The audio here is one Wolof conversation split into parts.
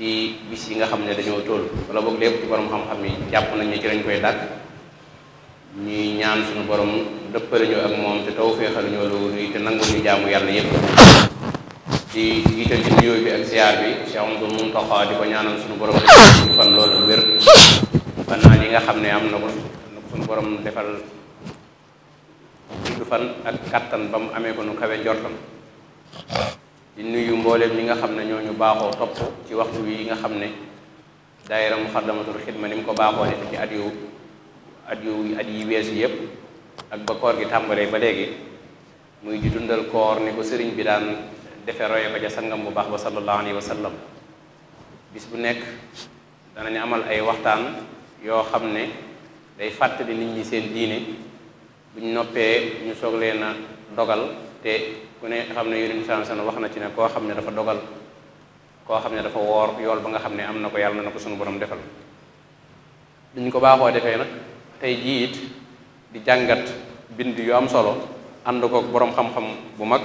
ci bis yi nga xam ne dañoo toll wala boog lépp ci borom xam-xam yi jàpp nañ ne ci lañ koy dàkk ñuy ñaan suñu borom dëppale ñu ak moom te taw féexal loolu te nangu ñu jaamu yàlla yépp di jiital ci nuyoo bi ak ziar bi Cheikh Amadou Mountakha di ko ñaanal suñu borom fan loolu ak nga xam ne am na ko na ko suñu defal gudd fan ak kattan ba mu amee ko nu kawe njortam di nuyu mbooleem ñi nga xam ne ñoo ñu baaxoo topp ci waxtu wi yi nga xam ne daayira Muxaddamatul Xidma ni mu ko baaxoo def ci at yu at yu at yi weesu yëpp ak ba koor gi tàmbalee ba léegi muy di dundal koor ne ko sëriñ bi daan defe roye ca sangam bu baax ba sallallahu alayhi wa sallam bis bu nekk danañu amal ay waxtaan yoo xam ne day fàttali nit ñi seen diine buñ noppee ñu soog leen a dogal te ku ne xam ne yonent bi sallam wax na ci ne koo xam ne dafa dogal koo xam ne dafa woor yool ba nga xam ne am na ko yàlla na ko sunu borom defal duñ ko baaxoo defee nag tey jii it di jàngat bind yu am solo ànd kook boroom xam bu mag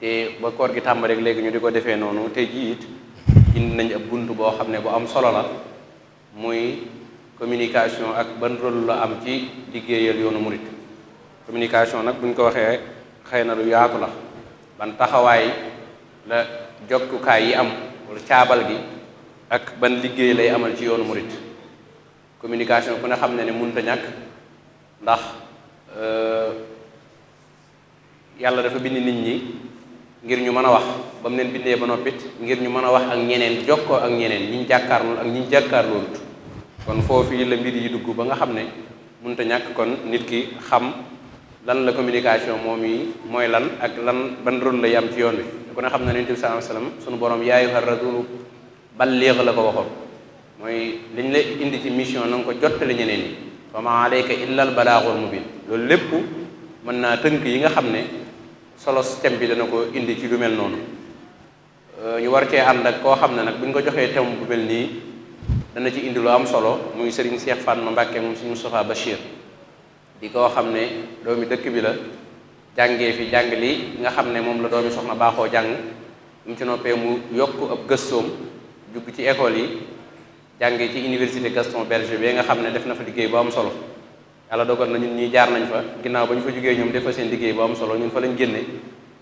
te koor gi tàmbali rek léegi ñu di ko defee noonu tey jii indi nañ ab bunt boo xam ne bu am solo la muy communication ak ban rôle la am ci liggéeyal yoonu murit communication nag buñ ko waxee xëy na lu yaatu la ban taxawaay la jokkukaay yi am wala caabal gi ak ban liggéey lay amal ci yoonu murit communication ku ne xam ne ne mënta ñàkk ndax euh, yàlla dafa bind nit ñi ngir ñu mën a wax ba neen bindee ba noppit ngir ñu mën a wax ak ñeneen jokkoo ak ñeneen ñi ñu jàkkaarlool ak ñu jàkkaarlool kon foofii la mbir yi dugg ba nga xam ne mënta ñàkk kon nit ki xam lan la communication moom yi mooy lan ak lan ban rôle lay am ci yoon wi ku ne xam na Yonent bi sallallahu alayhi wasallam borom yaa ayyuhar rasuulu balligh la ko waxoon mooy liñ la indi ci mission na nga ko jottali ñeneen ñi wa maa alayka illa al balaagul mubiin loolu lépp mën naa tënk yi nga xam ne solo thème bi dana ko indi ci lu mel noonu euh, ñu war cee ànd ak koo xam ne nag bu ñu ko joxee thème bu mel nii dana ci indi lu am solo muy Serigne Cheikh Fatma Mbacke moom Serigne Moustapha Bachir di koo xam ne doomi dëkk bi la jàngee fi jàng lii nga xam ne moom la doomi soxna baaxoo jàng mu ci noppee mu yokk ab gëstoom jug ci école yi jàngee ci université Gaston Berger bi nga xam ne def na fa liggéey boo am solo yàlla dogal na ñun ñii jaar nañ fa ginnaaw ba ñu fa jógee ñoom def seen liggéey bu am solo ñun fa lañ génne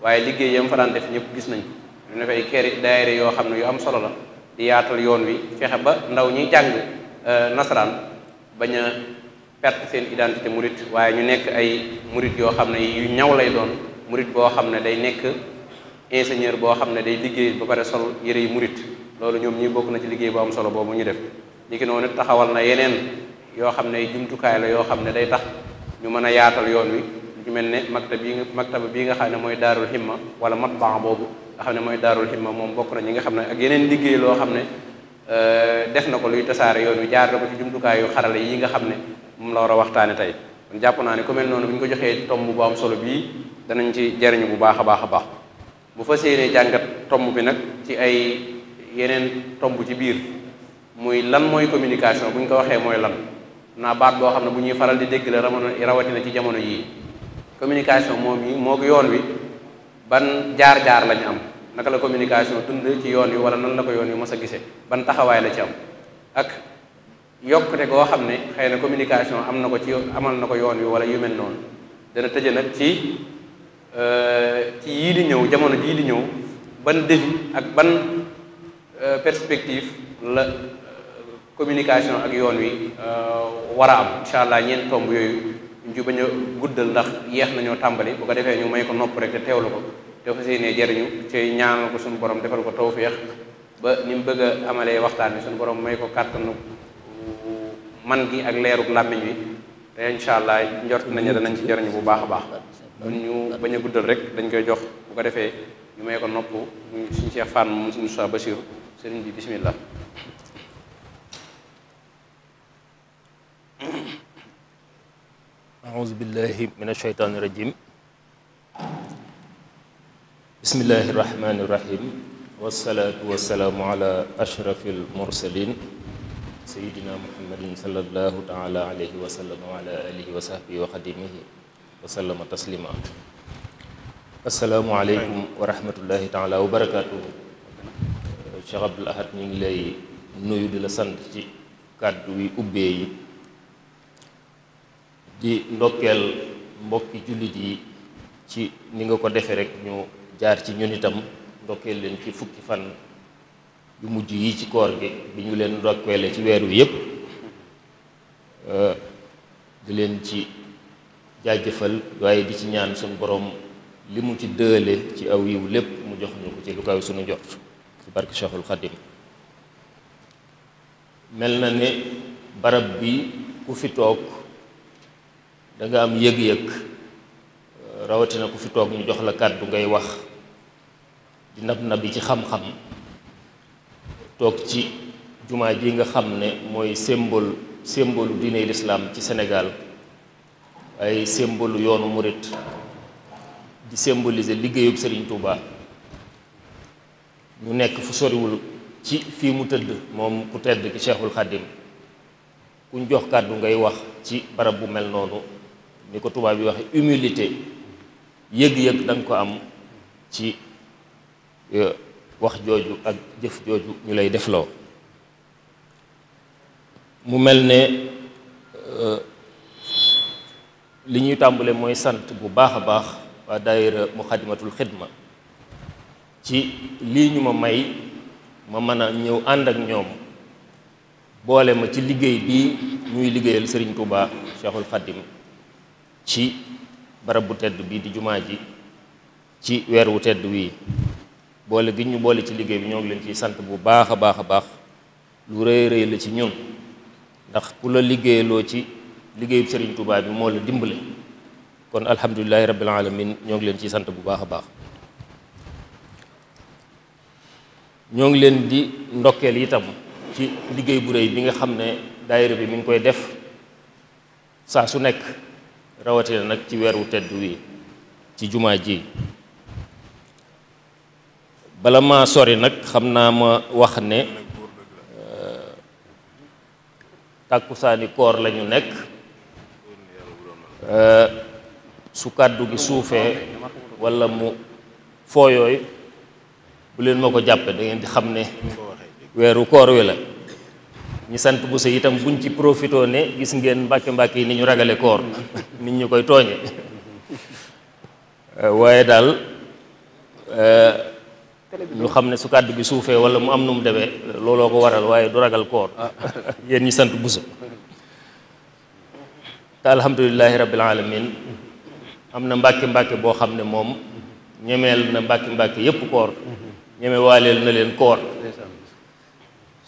waaye liggéey yam fa daan def ñëpp gis nañ ko ñu ne fay keri daayira yoo xam ne yu am solo la di yaatal yoon wi fexe ba ndaw ñuy jàng euh, nasaraan perte seen identité murit waaye ñu nekk ay murit yoo xam ne yu ñaw lay doon murit boo xam ne day nekk ingénieur boo xam ne day liggéey ba pare sol yëre yi murit loolu ñoom ñi bokk na ci liggéey bu am solo boobu ñu def li ki noonu taxawal na yeneen yoo xam ne jumtukaay la yoo xam ne day tax ñu mën a yaatal yoon wi lu ci mel ne maktab bi maktaba bii nga xam ne mooy daarul himma wala matbaa boobu nga ne mooy daarul himma moom bokk na ñi nga xam ne ak yeneen liggéey loo xam ne euh, def na ko luy tasaare yoon wi jaar na ko ci jumtukaay yu xarale yi nga xam ne moom la war a waxtaane tey kon jàpp naa ne ku mel noonu bu ñu ko joxee tomb bu am solo bii danañ ci jariñu bu baax a baax a baax bu fas yéenee jàngat tomb bi nag ci ay yeneen tomb ci biir muy lan mooy communication bu ñu ko waxee mooy lan naa baat boo xam ne bu ñuy faral di dégg la rawatina ci jamono yii communication moom yi moo yoon wi ban jaar-jaar lañu am naka la communication dund ci yoon wi wala nan la ko yoon wi mos a gisee ban taxawaay la ci am yokkute goo xam ne xëy na communication am na ko ci amal na ko yoon wi wala yu mel noonu dana tëje nag ci euh, ci yii di ñëw jamono jii di ñëw ban défi ak ban euh, perspective la euh, communication ak yoon wi war a am incha allah ñeent tomb yooyu ñu bañ a guddal ndax yeex nañoo tàmbali bu ko defee ñu may ko nopp rek te teewlu ko te fas yéenee jariñu ci ñaanal ko suñu borom defal ko tawfeex ba ni mu bëgg amalee waxtaan bi suñu borom may ko kàttanu man gi ak leerug làmmiñ wi te incha allah njort nañu danañ ci jariñu bu baax a baax kon ñu bañ a guddal rek dañ koy jox bu ko defee ñu may ko nopp suñu Cheikh Fann moom suñu Moussa Bassirou sëriñ bi bismillah أعوذ بالله من الشيطان الرجيم بسم الله الرحمن الرحيم والصلاة والسلام على أشرف المرسلين sayidina muhammadin sallallahu taala alayhi wa sallam wa ala wa sahbihi wa xadimihi wa sallama taslima wa rahmatullahi taala wa barakaatuhu Cheikh Abdoul Ahad ñu ngi lay nuyu di la sant ci kàddu yi ubbee yi di ndokkeel mbokki jullit yi ci ni nga ko defee rek ñu jaar ci ñun itam ndokkeel leen ci fukki fan yu mujj yi ci koor gi bi ñu leen ndokkeele ci weeru wi yépp eh, di leen ci jaajëfal waaye di ci ñaan suñu boroom li mu ci dëële ci aw yiw lépp mu jox ñu ko ci lu kaw suñu jot ci barke Cheikhul Khadim mel na ne barab bi ku fi toog danga am yëg-yëg eh, rawatina ku fi toog ñu jox la kàddu ngay wax di nab nabi ci xam-xam toog ci jumaa ji nga xam ne mooy symbole symbole diine lislaam ci Sénégal ay symbole yoonu murit di symboliser liggéeyub Serigne Touba ñu nekk fu soriwul ci fi mu tëdd moom ku tëdd ki Cheikhul Khadim kuñ jox kàddu ngay wax ci barab bu mel noonu ni ko tubaab yi waxee humilité yëg-yëg danga ko am ci euh, wax jooju ak jëf jooju ñu lay defloo mu mel ne euh, li ñuy tàmbale mooy sant bu baax a baax waa mu muxadimatul xidma ci lii ñu ma may ma mën a ñëw ànd ak ñoom boole ma ci liggéey bi ñuy liggéeyal Serigne Touba Cheikhul Khadim ci barab bu tedd bii di jumaa ji ci weer wu tedd wii boole gi ñu boole ci liggéey bi ñoo ngi leen ciy sant bu baax a baax a baax lu rëy rëy la ci ñun ndax ku la liggéeyaloo ci liggéey liggéeyu Serigne Touba bi moo la dimbale kon alhamdulilahi rabbil alamin ñoo ngi leen ci sant bu baax a baax ñoo ngi leen di ndokkeel itam ci liggéey bu rëy bi nga xam ne daayira bi mi ngi koy def saa su nekk rawatina nag ci weeru wu tedd wi ci jumaa ji bala maa sori nag xam naa ma wax ne euh, tàkkusaani koor la ñu nekk euh, su kàddu gi suufee walla mu fooyooy bu leen ma ko jàppe da ngeen di xam ne weeru koor wi la ñi sant bu sa itam buñ ci profitoo ne gis ngeen mbàkke mbàkke yi ni ñu ragale koor nit ñu koy tooñe euh, waaye daal ñu xam ne su kàddu gi suufee wala mu am nu mu demee looloo ko waral waaye du ragal koor ah. yéen ñi sant busa te alhamdulilahi rabbil alamin am na mbàkke-mbàkke boo xam ne moom ñemeel na mbàkke-mbàkke yépp koor ñeme na leen koor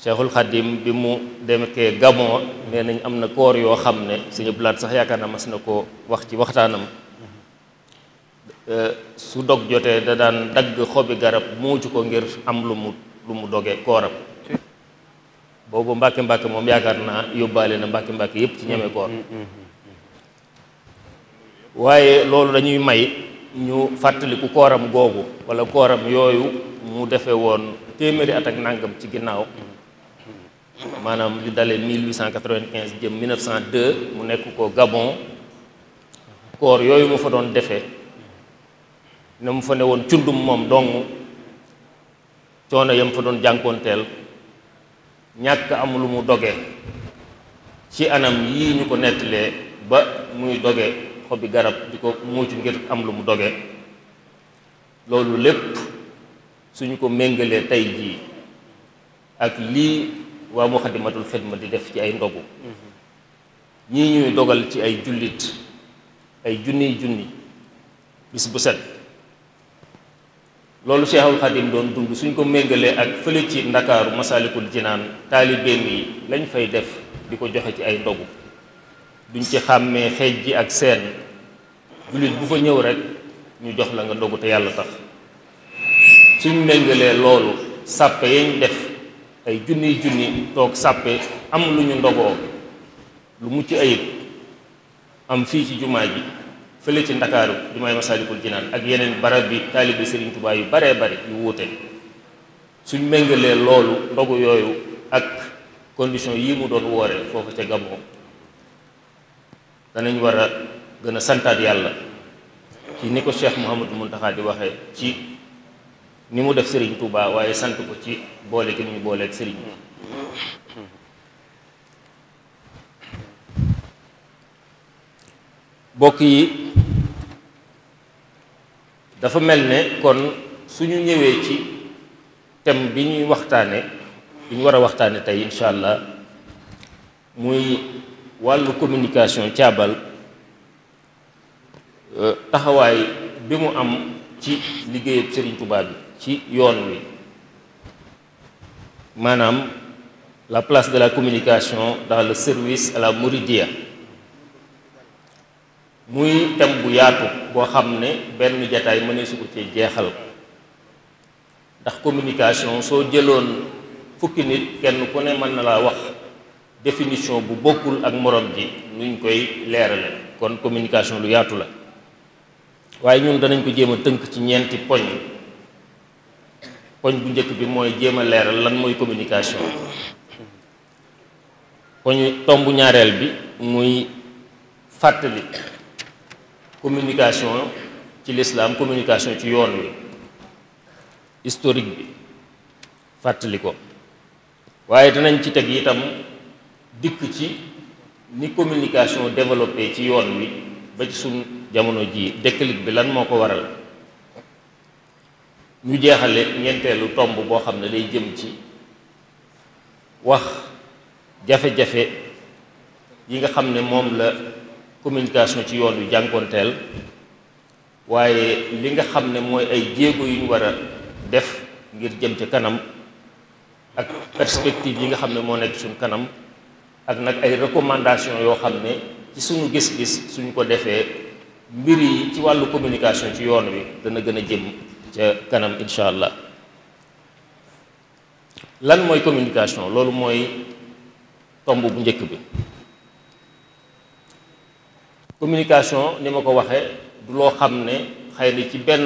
cheikhul xadim bi mu demekee gamoo nee nañ am na koor yoo xam ne suñu blaat sax yaakaar na mas na ko wax ci waxtaanam Eh, su dog jotee da daan dagg xobi garab muucu ko ngir am lu mu lu mu doge kooram boobu mbàkke mbàkke moom yaakaar naa yóbbaale na mbàkke mbàkke yépp ci ñeme koor mm, mm, mm, waaye loolu dañuy may ñu fàttaliku kooram googu walla kooram yooyu mu defe woon téeméeri at ak nàngam ci ginnaaw maanaam li dalee 1895 jëm 1902 mu nekk ko Gabon koor yooyu mu fa doon defee na mu fa ne woon cundum moom dong coono yam fa doon jànkoonteel ñàkk am lu mu doge ci anam yii ñu ko nettalee ba muy doge xobi garab di ko muucu ngir am lu mu doge loolu lépp suñu ko méngalee tey jii ak lii waa Muxaddamatul Xidma di def ci ay ndogu ñii ñuy dogal ci ay jullit ay junniy junni bis bu set loolu Cheikhul Khadim doon dund suñ ko méngalee ak fële ci ndakaaru masalikul jinaan taalibeem yi lañ fay def di ko joxe ci ay ndogu duñ ci xàmmee xeej ji ak seen jullit bu fa ñëw rek ñu jox la nga ndogu te yàlla tax suñ méngalee loolu sàppe yañ def ay junniy junni toog sàppe am lu ñu ndogoo lu mucc ayib am fii ci jumaa ji fële ci ndakaaru du may masaalikul jinaan ak yeneen barab bi taalibe Serigne tubaa yu baree bari yu wuute suñ méngalee loolu ndogu yooyu ak condition yi mu doon woore foofu ca Gabon danañ war a gën a santaat yàlla ci ni ko Cheikh mu Mountakha di waxee ci ni mu def Serigne Touba waaye sant ko ci boole gi mu ñu booleeg Serigne bokk yi dafa mel ne kon suñu ñëwee ci thème bi ñuy waxtaane bi war a waxtaane tey incha allah muy wàllu communication caabal euh, taxawaay bi mu am ci liggéeyab Serigne Touba bi ci yoon wi maanaam la place de la communication dans le service à la Mouridiyya muy thème bu yaatu boo xam ne benn jataay mënee su ko cee jeexal ndax communication soo jëloon fukki nit kenn ku ne mën na laa wax definision bu bokkul ak morom ji nuñ koy leerale kon communication lu yaatu la waaye ñun danañ ko jéem a tënk ci ñeenti poñ poñ bu njëkk bi mooy jéem a leeral lan mooy communication poñ tombu ñaareel bi muy fàttali communication ci lislaam communication ci yoon wi historique bi fàttali ko waaye danañ ci teg itam dikk ci ni communication développé ci yoon wi ba ci suñ jamono ji déclic bi lan moo ko waral ñu jeexale ñeenteelu tomb boo xam ne day jëm ci wax jafe-jafe yi nga xam ne moom la communication ci yoon wi jànkoonteel waaye li nga xam ne mooy ay jéego yu ñu war a def ngir jëm ci kanam ak perspective yi nga xam ne moo nekk suñu kanam ak nag ay recommandation yoo xam ne ci suñu gis-gis suñu ko defee mbir yi ci wàllu communication ci yoon wi dana gën a jëm ca kanam incha allah lan mooy communication loolu mooy tomb bu njëkk bi communication ni ma ko waxee du loo xam ne xëy na ci benn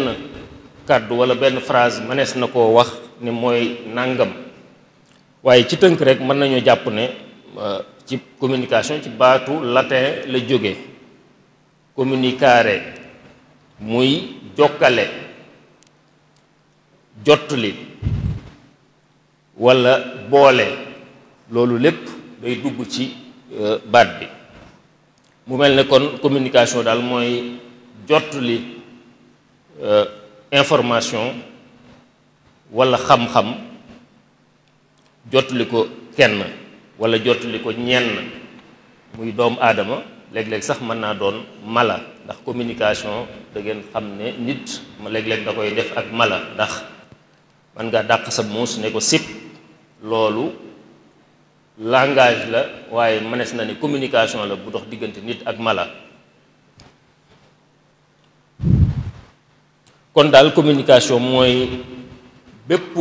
kàddu wala benn phrase mënees na koo wax ne mooy nàngam waaye ci tënk rek mën nañoo jàpp ne euh, ci communication ci baatu latin la jóge communicare muy jokkale jottali wala boole loolu lépp day dugg ci euh, baat bi mu mel ne kon communication daal mooy jot li euh, information walla xam-xam jot ko kenn walla jot ko ñenn muy doomu aadama léeg-léeg sax mën naa doon mala ndax communication da ngeen xam ne nit ma léeg-léeg da koy def ak mala ndax mën ngaa dàq sa muus ne ko sip loolu langage la waaye mënees na ni communication la bu dox diggante nit ak mala kon daal communication mooy bépp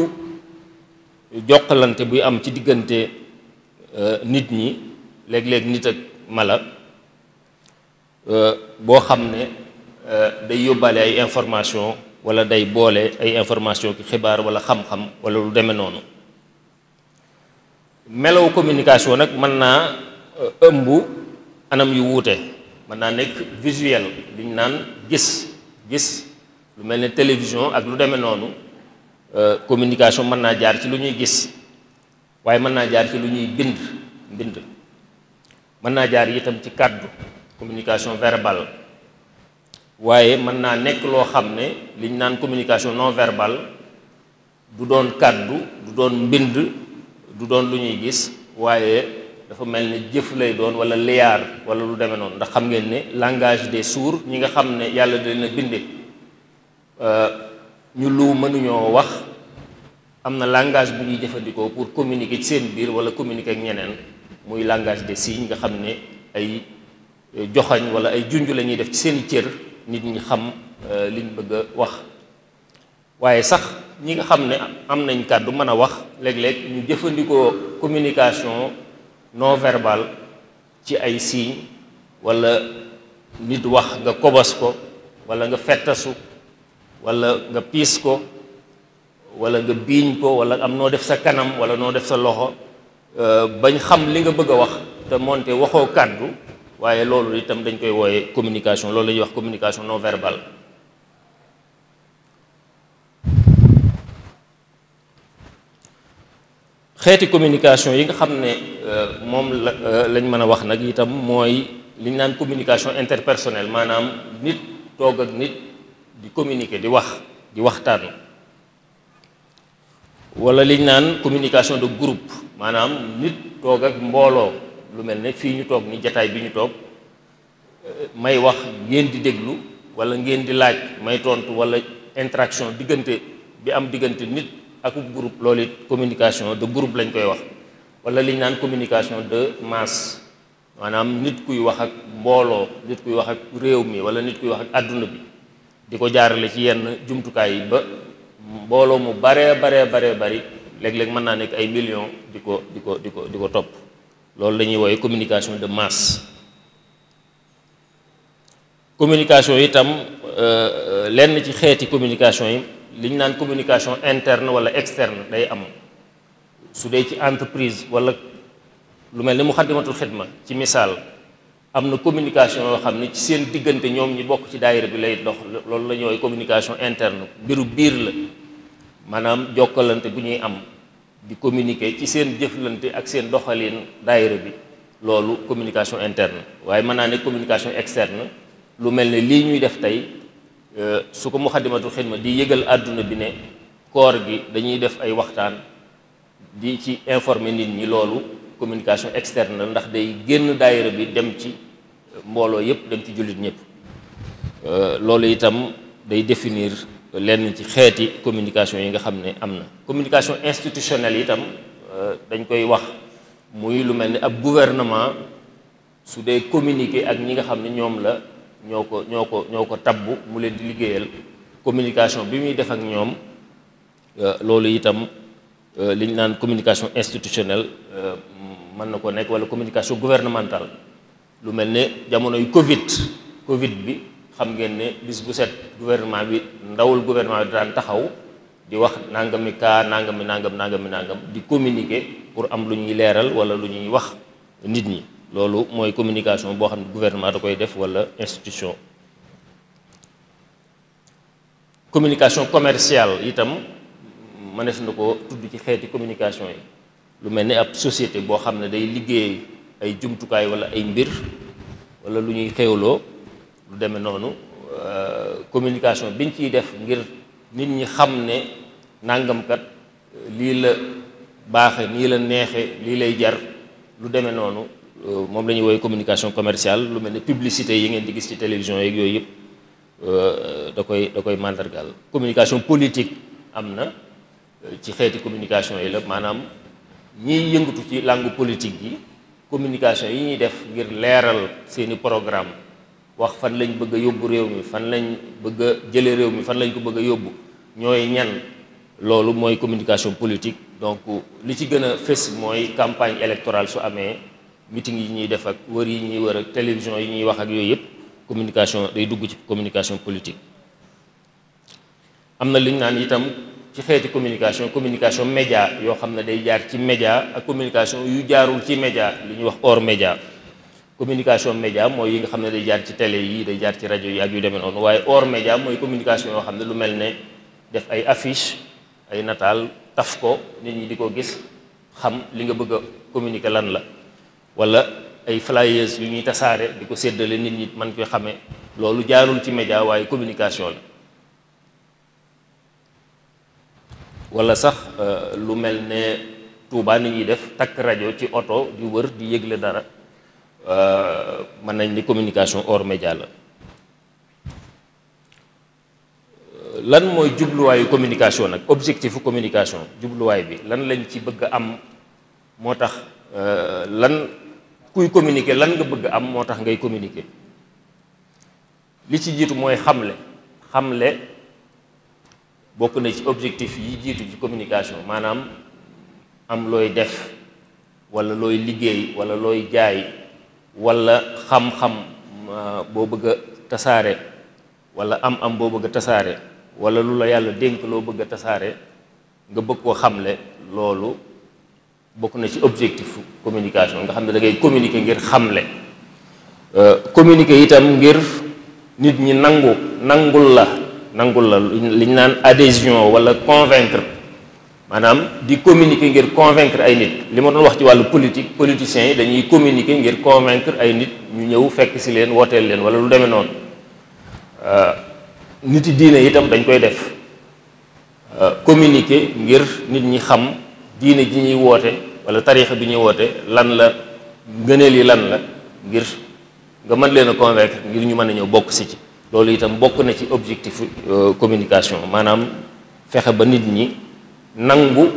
jokkalante buy am ci diggante euh, nit ñi léeg-léeg nit ak mala euh, boo xam ne euh, day yóbbaale ay information wala day boole ay information ki xibaar wala xam-xam wala lu demee noonu melow communication nag mën naa euh, ëmb anam yu wuute mën naa nekk visuel li naan gis gis lu mel ni télévision ak lu deme noonu euh, communication mën naa jaar ci lu ñuy gis waaye mën naa jaar ci lu ñuy bind bind mën naa jaar itam ci kàddu communication verbal waaye mën naa nekk loo xam ne li ñu naan communication non verbal du doon kàddu du doon mbind du doon lu ñuy gis waaye dafa mel ne jëf lay doon wala liyaar wala lu demee noonu ndax xam ngeen ne langage des sourds ñi nga xam ne yàlla da leen a binde euh, ñu lu mënuñoo wax am na langage bu ñuy jëfandikoo pour communiquer ci seen biir wala communique ak ñeneen muy langage des signes nga xam ne ay joxañ wala ay junj la ñuy def ci seeni cër nit ñi xam euh, liñ bëgg a wax waaye sax ñi nga xam ne am nañ kàddu mën a wax léeg-léeg ñu jëfandikoo communication non verbal ci ay signes walla nit wax nga cobos ko walla nga fettasu walla nga piis ko walla nga biiñ ko walla am noo def sa kanam walla noo def sa loxo euh, bañ xam li nga bëgg a wax te moonte waxoo kàddu waaye loolu itam dañ koy wooye communication loolu la wax communication non verbale xeeti communication yi nga xam ne euh, moom la euh, lañ mën a wax nag itam mooy li naan communication interpersonnelle maanaam nit toog ak nit di communiquer di wax di waxtaan wala liñ naan communication de groupe maanaam nit toog ak mbooloo lu mel ne fii ñu toog ni jataay bi ñu toog euh, may wax ngeen di déglu wala ngeen di laaj may tontu wala interaction diggante bi am diggante nit aku group loolu it communication de groupe lañ koy wax wala li naan communication de masse maanaam nit kuy wax ak mbooloo nit kuy wax ak réew mi wala nit kuy wax ak àdduna bi di ko jaarale ci yenn jumtukaay yi ba mbooloo mu baree baree baree bari léeg-léeg mën naa nekk ay millions di ko di ko di ko di ko topp loolu lañuy ñuy communication de masse communication itam euh, euh, lenn ci xeeti communication yi li ñu naan communication interne wala externe day am su dee ci entreprise wala lu mel ni mu xaddimatul xidma ci misaal am na communication yoo xam ne ci seen diggante ñoom ñi bokk ci daayira bi lay dox loolu la ñooy communication interne mbiru biir la maanaam jokkalante bu ñuy am di communiquer ci seen jëflante ak seen doxalin daayira bi loolu communication interne waaye mën naa ne communication externe lu mel ne lii ñuy def tey Euh, su ko muxaddamatul xidma di yëgal àdduna bi ne koor gi dañuy def ay waxtaan di ci informer nit ñi loolu communication externe la ndax day génn daayira bi dem ci euh, mbooloo yépp dem ci jullit ñépp euh, loolu itam day definir lenn ci xeeti communication yi nga xam ne am na communication institutionnelle itam dañ koy wax muy lu mel ni ab gouvernement su dee communiquer ak ñi nga xam ne ñoom la ñoo ko ñoo ko ñoo ko tabbu mu leen di liggéeyal communication bi muy def ak ñoom euh, loolu itam euh, li ñu naan communication institutionnelle euh, mën na ko nekk walla communication gouvernementale lu mel ne jamonoy yu Covid Covid bi xam ngeen ne bis bu set gouvernement bi ndawul gouvernement bi daan taxaw di wax nangami kaa nangami nangam nangami nangam di communiquer pour am lu ñuy leeral walla lu ñuy wax nit ñi. loolu mooy communication boo xam ne gouvernement da koy def walla institution communication commercial itam mënees na ko tudd ci xeeti communication yi lu mel ni ab société boo xam ne day liggéey ay jumtukaay walla ay mbir walla lu ñuy xéewloo lu demee noonu euh, communication biñ ciy def ngir nit ñi xam ne nàngamkat lii la baaxe nii la neexe lii lay jar lu demee noonu moom la ñuy woowee communication commerciale lu mel ni publicité yi ngeen di gis ci télévision yeeg yooyu yëpp euh, da koy da koy màndargaal communication politique am na euh, ci xeeti communication yi la maanaam ñiy yëngatu ci langue politique yi communication yi ñuy def ngir leeral seeni programme wax fan lañ bëgg yóbbu réew mi fan lañ bëgg a jële réew mi fan lañ ko bëgg a yóbbu ñooy ñan loolu mooy communication politique donc li ci gën a mooy campagne électorale su amee meeting yi ñuy def ak wër yi ñuy war ak télévision yi ñuy wax ak yooyu yëpp communication day dugg ci communication politique. am na li ñu naan itam ci xeeti communication communication média yoo xam ne day jaar ci média ak communication yu jaarul ci média li ñu wax or média. communication média mooy yi nga xam ne day jaar ci télé yi day jaar ci rajo yi ak yu demee noonu waaye or média mooy communication yoo xam ne lu mel ne def ay affiche ay nataal taf ko nit ñi di ko gis xam li nga bëgg a lan la. wala ay flyers yu ñuy tasaare di ko séddale nit ñi man koo xamee loolu jaarul ci média waaye communication la wala sax euh, lu mel ne Touba ni ñuy def takk rajo ci oto di wër di yëgle dara euh, mën nañ ni communication or média la euh, lan mooy jubluwaayu communication nag objectifu communication jubluwaay bi lan lañ ci bëgg a am moo tax Euh, lan kuy communiquer lan nga bëgg am moo tax ngay communiquer li ci jiitu mooy xamle xamle bokk na ci objectif yi jiitu ci communication maanaam am looy def walla looy liggéey walla looy jaay walla xam-xam boo bëgg a tasaare walla am-am boo bëgg tasaare walla lu la yàlla dénk loo bëgg tasaare nga bëgg koo xamle loolu. bokk na ci objectif communication nga xam ne da ngay communiquer ngir xamle euh, communiquer itam ngir nit ñi nangu nangul la nangul la li ñu naan adhésion walla convaincre maanaam di communiquer ngir convaincre ay nit li ma doon wax ci wàllu politique politiciens yi dañuy communiquer ngir convaincre ay nit ñu ñëw fekk si leen wooteel leen walla lu deme noonu euh, nit yi diine itam dañ koy def euh, communiquer ngir nit ñi xam. diine ji ñuy woote wala tariixa bi ñuy woote lan la ngëneel yi lan la ngir nga mën leen a ngir ñu mën a ñëw bokk si ci loolu itam bokk na ci objectif euh, communication maanaam fexe ba nit ñi nangu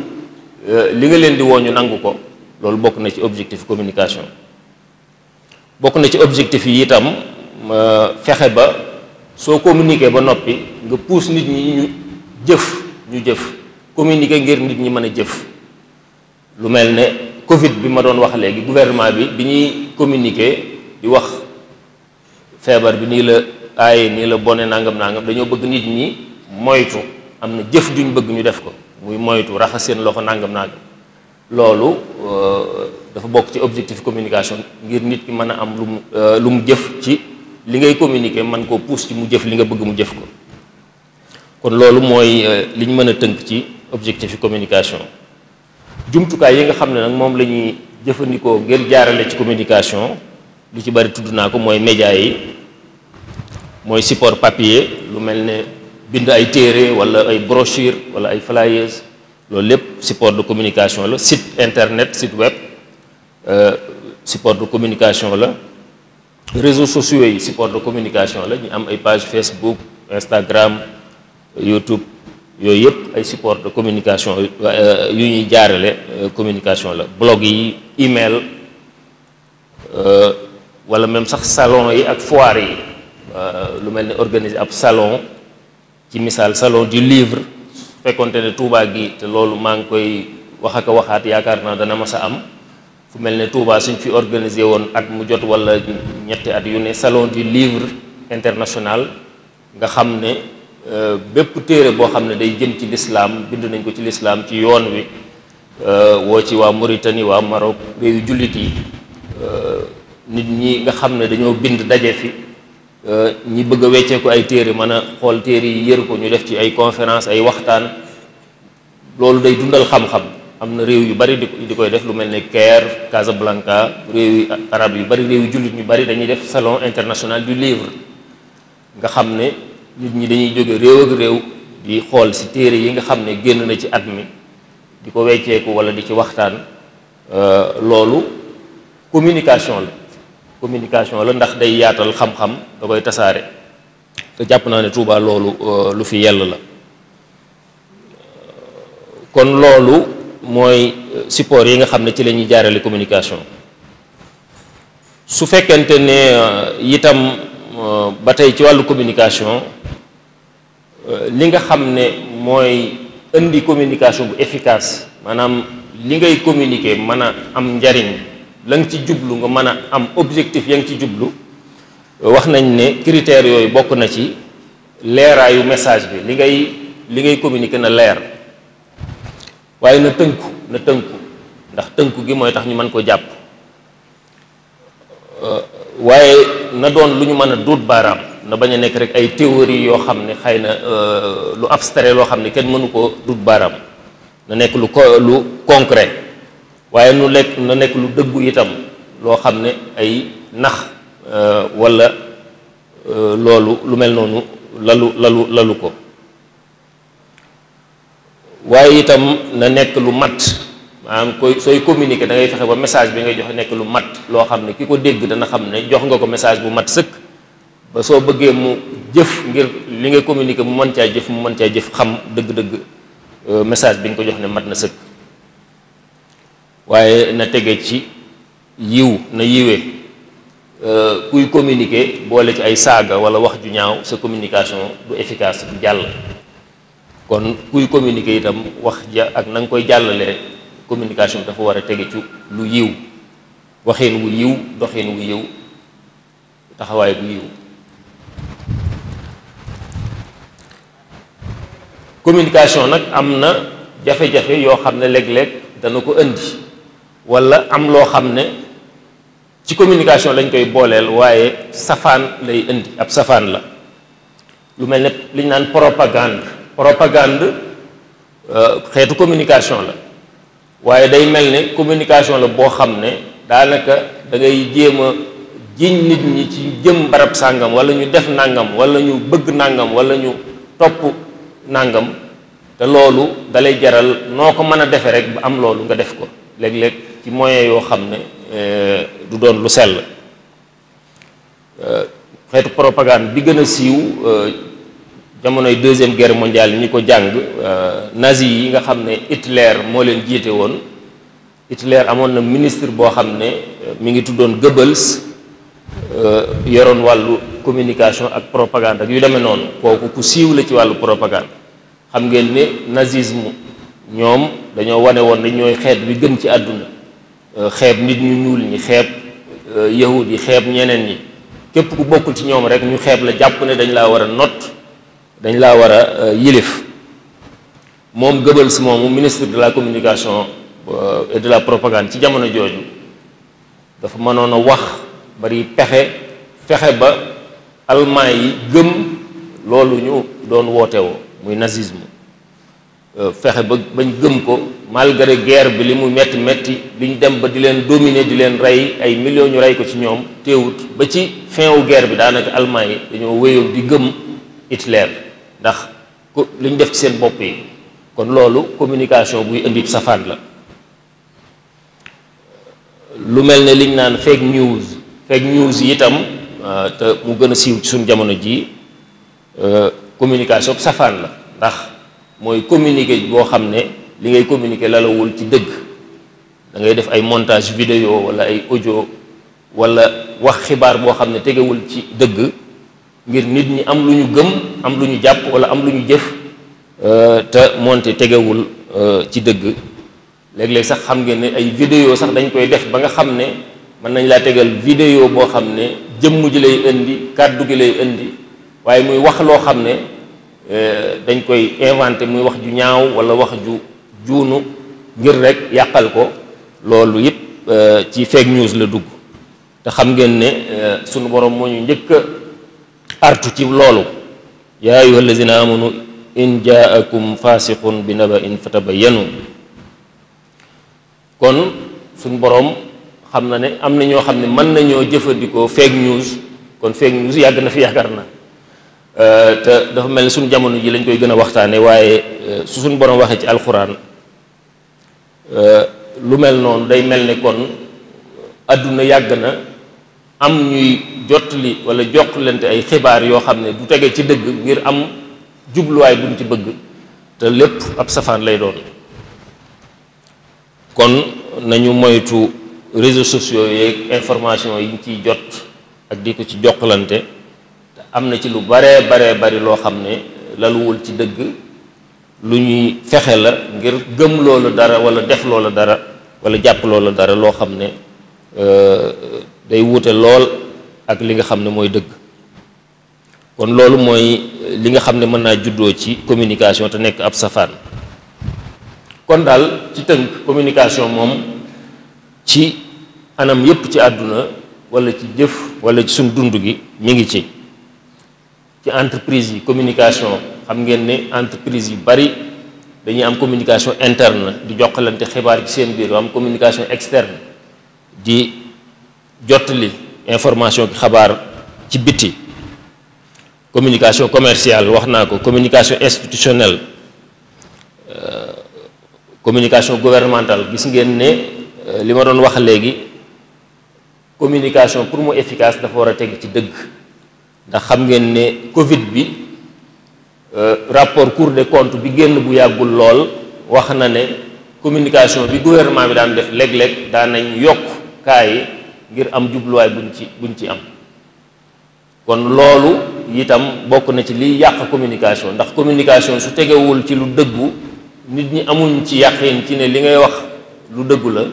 euh, li nga leen di woo ñu nangu ko loolu bokk na ci objectif communication bokk na ci objectif yi itam euh, fexe ba soo communiquer ba noppi nga puus nit ñi ñu jëf ñu jëf communiquer ngir nit ñi mën a jëf lu mel ne Covid bi ma doon wax léegi gouvernement bi bi ñuy communiquer di wax feebar bi nii la aaye nii la bone nangam nangam dañoo bëgg nit ñi moytu am na jëf juñ bëgg ñu def ko muy moytu raxas seen loxo nangam nangam loolu euh, dafa bokk ci objectif communication ngir nit ki mën a am lu mu euh, lu mu jëf ci li ngay communiquer man koo pousse ci mu jëf li nga bëgg mu jëf ko kon loolu mooy euh, li ñu mën a tënk ci objectif communication. jumtukaay yi nga xam ne nag moom la ñuy jëfandikoo ngir jaarale ci communication lu ci bari tudd naa ko mooy média yi mooy support papier lu mel ne bind ay téere wala ay brochure wala ay flyers loolu lépp support de communication la sit internet sit web euh, support de communication la réseaux sociaux yi support de communication la ñu am ay page Facebook Instagram YouTube yooyu yëpp ay support de communication yu euh, ñuy jaarale euh, communication la blog yi email euh, wala même sax salon yi ak foire yi lu mel ni organiser ab salon ci misaal salon du livre su fekkonte ne Touba gi te loolu maa ngi koy wax waxaat yaakaar naa dana mas a am fu mel ne Touba suñ fi organiser woon at mu jot wala ñetti at yu ne salon du livre international nga xam ne Euh, bépp téere boo xam ne day jën ci lislaam bind nañ ko ci lislaam ci yoon wi euh, woo ci waa Mauritanie waa Maroc réew yu jullit yi euh, nit ñi nga xam ne dañoo bind daje fi ñi bëgg a wecceeku ay téere mën a xool téere yi yër ko ñu def ci ay conférence ay waxtaan loolu day dundal xam-xam am na réew yu bari di koy def lu mel ni Caire Casablanca réew yu arab yu bari réew yu jullit ñu bari dañuy def salon international du livre nga xam ne nit ñi dañuy jóge réew ak réew di xool si téere yi nga xam ne génn na ci at mi di ko wecceeku wala di ci waxtaan euh, loolu communication la communication la ndax day yaatal xam-xam da koy tasaare te jàpp naa ne Touba loolu euh, lu fi yell la euh, kon loolu mooy support yi nga xam ne ci la ñuy jaarale communication su fekkente ne itam ba tey ci wàllu communication Euh, li nga xam ne mooy indi communication bu efficace maanaam li ngay communiquer mën a am njariñ la nga ci jublu nga mën a am objectif ya nga ci jublu euh, wax nañ ne critères yooyu bokk na ci leeraayu message bi li ngay li ngay communiquer na leer waaye na tënku na tënku ndax tënku gi mooy tax ñu mën ko jàpp euh, waaye na doon lu ñu mën a duut baaraam na bañ a nekk rek ay théorie yoo xam ne xëy na euh, lu abstrait loo xam ne kenn mënu koo dut baaraam na nekk lu ko lu concret waaye nu lekk na nekk lu dëggu itam loo xam ne ay nax euh, walla euh, loolu lu mel noonu lalu lalu lalu ko waaye itam na nekk lu mat maanaam koy sooy communiquer da ngay fexe ba message bi ngay joxe nekk lu mat loo xam ne ki ko dégg dana xam ne jox nga ko message bu mat sëkk ba soo bëggee mu jëf ngir li nga communiqué mu mën caa jëf mu mën caa jëf xam dëgg-dëgg euh, message bi nga ko jox ne mat na sëkk waaye na tege ci yiw na yiwee euh, kuy communiquer boole ci ay saaga wala wax ju ñaaw sa communication du efficace du jàll kon kuy communiquer itam wax ja ak na nga koy jàllalee communication dafa war a tege ci lu yiw waxeen wu yiw doxeen wu yiw taxawaay bu yiw communication nag am na jafe-jafe yoo xam ne léeg-léeg dana ko indi walla am loo xam ne ci communication lañ koy booleel waaye safaan lay indi ab safaan la lu mel ne li ñu naan propagande propagande euh, xeetu communication la waaye day mel ne communication la boo xam ne daanaka da ngay jéem a jiñ nit ñi ci jëm barab sàngam walla ñu def ndàngam walla ñu bëgg nàngam walla ñu topp nàngam te loolu dalay jaral noo ko mën a defe rek ba am loolu nga def ko léeg-léeg ci moyen yoo xam ne euh, du doon lu sell euh, xeetu propagande bi gën a siiw euh, jamonoy deuxième guerre mondiale ñi ko jàng nazi yi nga xam ne Hitler moo leen jiite woon Hitler amoon na ministre boo xam ne mi ngi tuddoon Goebbels Euh, yoroon wàllu communication ak propagande ak yu deme noonu kooku ku siiw la ci wàllu propagande xam ngeen ne nazisme ñoom dañoo wane woon ne ñooy xeet bi gën ci àdduna euh, xeeb nit ñu ñuul ñi xeeb euh, yahud yi xeeb ñeneen ñi képp ku bokkul ci ñoom rek ñu xeeb la jàpp ne dañ laa war a not dañ laa war a yilif moom Goebbels moomu ministre de la communication et de la propagande ci jamono jooju dafa mënoon a wax bari pexe fexe ba allemand yi gëm loolu ñu doon wootewoo woo muy nazisme euh, fexe ba bañ gëm ko malgré guerre bi li mu metti metti li ñu dem ba di leen dominer di leen rey ay million ñu rey ko ci ñoom teewut ba ci fin wu guerre bi daanaka allemand yi dañoo wéyoon di gëm Hitler ndax ku li def ci seen bopp yi kon loolu communication buy indi safaan la lu mel ne liñ naan fake news fake news yi itam euh, te mu gën a siiw ci suñu jamono jii euh, communication safaan la ndax mooy communiquer boo xam ne li ngay communiquer lalawul ci dëgg da ngay def ay montage vidéo wala ay audio wala wax xibaar boo xam ne tegewul ci dëgg ngir nit ñi am lu ñu gëm am lu ñu jàpp wala am lu ñu jëf euh, te moonte tegewul ci dëgg léeg-léeg sax xam nga ne ay vidéo sax dañ koy def ba nga xam ne mën nañ laa tegal vidéo boo xam ne jëmm ji lay indi kàddu gi lay indi waaye muy wax loo xam ne euh, dañ koy invanté muy wax ju ñaaw wala wax ju juunu ngir rek yàqal ko loolu yëpp euh, ci fake news la dugg te xam ngeen ne euh, sunu borom moo ñu njëkk a artu ci loolu yaa ayuha allazina amanu in jaakum fasiqun bi naba in fatabayanu kon sunu borom xam na ne am na ñoo xam ne mën nañoo jëfandikoo fake news kon fake news yàgg na fi yaakaar na euh, te dafa mel ni suñu jamono ji lañ koy gën a waxtaane waaye euh, su suñu borom waxee ci alxuraan euh, lu mel noonu day mel ni kon àdduna yàgg na am ñuy jottali wala jokkalante ay xibaar yoo xam ne bu tegee ci dëgg ngir am jubluwaay buñ ci bëgg te lépp ab safaan lay doon kon nañu moytu réseaux sociaux yeeg information yi nga ciy jot ak di ko ci jokkalante te am na ci lu bare baree bari loo xam ne laluwul ci dëgg lu ñuy fexe la ngir gëm loola dara wala def loolu dara wala jàpp loola dara loo xam ne euh, day wute lool ak li nga xam ne mooy dëgg kon loolu mooy li nga xam ne mën naa juddoo ci communication te nekk ab safaan kon daal ci tënk communication moom ci anam yépp ci àdduna wala ci jëf wala ci suñ dund gi mi ngi ci ci entreprise yi communication xam ngeen ne entreprise yu bari dañuy am communication interne di jokkalante xibaar ci seen biir am communication externe di jottali information ki xabaar ci biti communication commerciale wax naa ko communication institutionnelle euh, communication gouvernementale gis ngeen ne euh, li ma doon wax léegi communication pour mu efficace dafa war a teg ci dëgg ndax xam ngeen ne Covid bi euh, rapport Cour des comptes bi génn bu yàggul lool wax na ne communication bi gouvernement bi daan def léeg-léeg daan nañ yokk kaa yi ngir am jubluwaay buñ ci buñ ci am kon loolu itam bokk na ci liy yàq communication ndax communication su tegewul ci lu dëggu nit ñi amuñ ci yàqin ci ne li ngay wax lu dëggu la.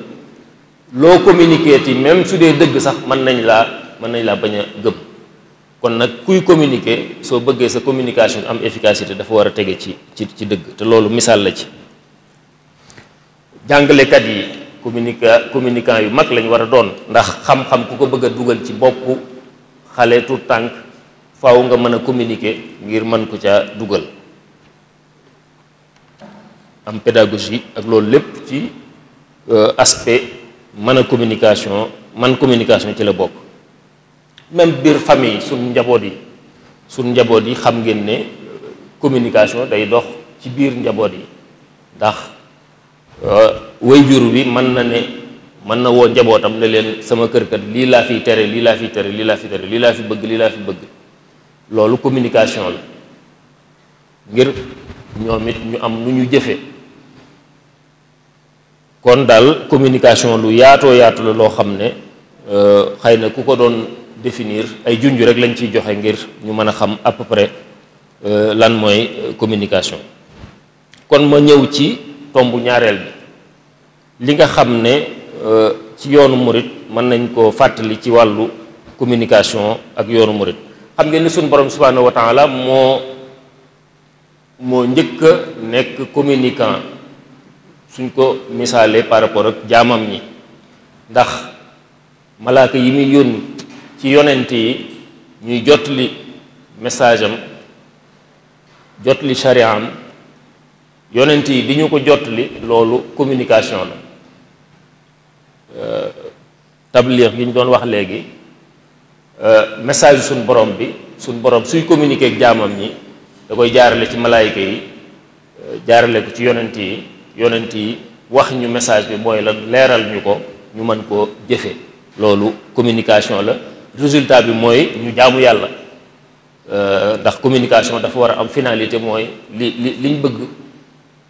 loo communiqué yi même su dee dëgg sax mën nañ laa mën nañ laa bañ a gëm kon nag kuy communiquer soo bëggee sa communication am efficacité dafa war a tege ci ci ci dëgg te loolu misaal la ci jàngalekat yi communica communicant yu mag lañ war a doon ndax xam-xam ku ko bëgg dugal ci bopp xale tout tànk faw nga mën a communiquer ngir mën ko caa dugal am pédagogie ak loolu lépp ci euh, aspect mën a communication man communication ci la bokk même biir famille suñ njaboot yi suñ njaboot yi xam ngeen ne communication day dox ci biir njaboot yi ndax euh, wayjur bi mën na ne mën na woo njabootam ne leen sama kër kat lii laa fiy tere lii laa fiy tere lii laa fiy tere lii laa fi bëgg lii laa fi bëgg loolu communication la ngir ñoom it ñu am nu ñu jëfe kon daal communication lu yaatoo yaatu la loo xam ne euh, xëy na ku ko doon définir ay junj rek lañ ciy joxe ngir ñu mën a xam à peu près euh, lan mooy euh, communication kon ma ñëw ci tombu ñaareel bi li nga xam ne ci yoonu morit mën nañ ko fàttali ci wàllu communication ak yoonu murit xam ngeen ni suñu borom subhanahu wa taala moo moo njëkk nekk communicant suñ ko misaalee par rapport ak jaamam ñi ndax malaaka yi muy yónni ci yonent yi ñuy jotli message am jotli shariam yonent yi di ñu ko jotli loolu communication la euh, tabliix yi ñu doon wax léegi euh, message suñ borom bi suñ borom suy communique ak jaamam ñi da koy jaarale ci malaayika yi euh, jaarale ko ci yonent yi yonent yi wax ñu message bi mooy lan leeral ñu ko ñu mën koo jëfe loolu communication la résultat bi mooy ñu jaamu yàlla euh, ndax communication dafa war a am finalité mooy li li liñ bëgg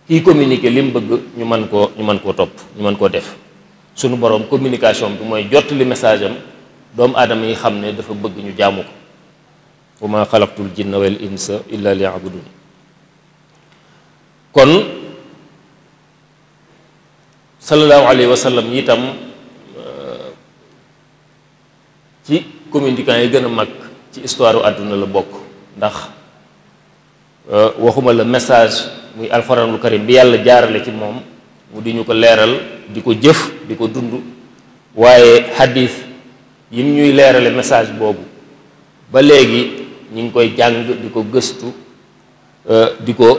kiy communiquer li mu bëgg ñu mën koo ñu mën koo topp ñu mën koo def sunu borom communication bi mooy jottali message am doomu aadama yi xam ne dafa bëgg ñu jaamu ko wa ma xalaqtul jinna wal insa illa liya'budun kon sallallahu alayhi wa sallam itam euh, ci communicants yi gën a mag ci histoire àdduna la bokk ndax euh, waxuma la message muy alxuraanul karim bi yàlla jaarale ci moom mu di ñu ko leeral di ko jëf di ko dund waaye xadis yim ñuy leerale message boobu ba léegi ñu ngi koy jàng di ko gëstu euh, di ko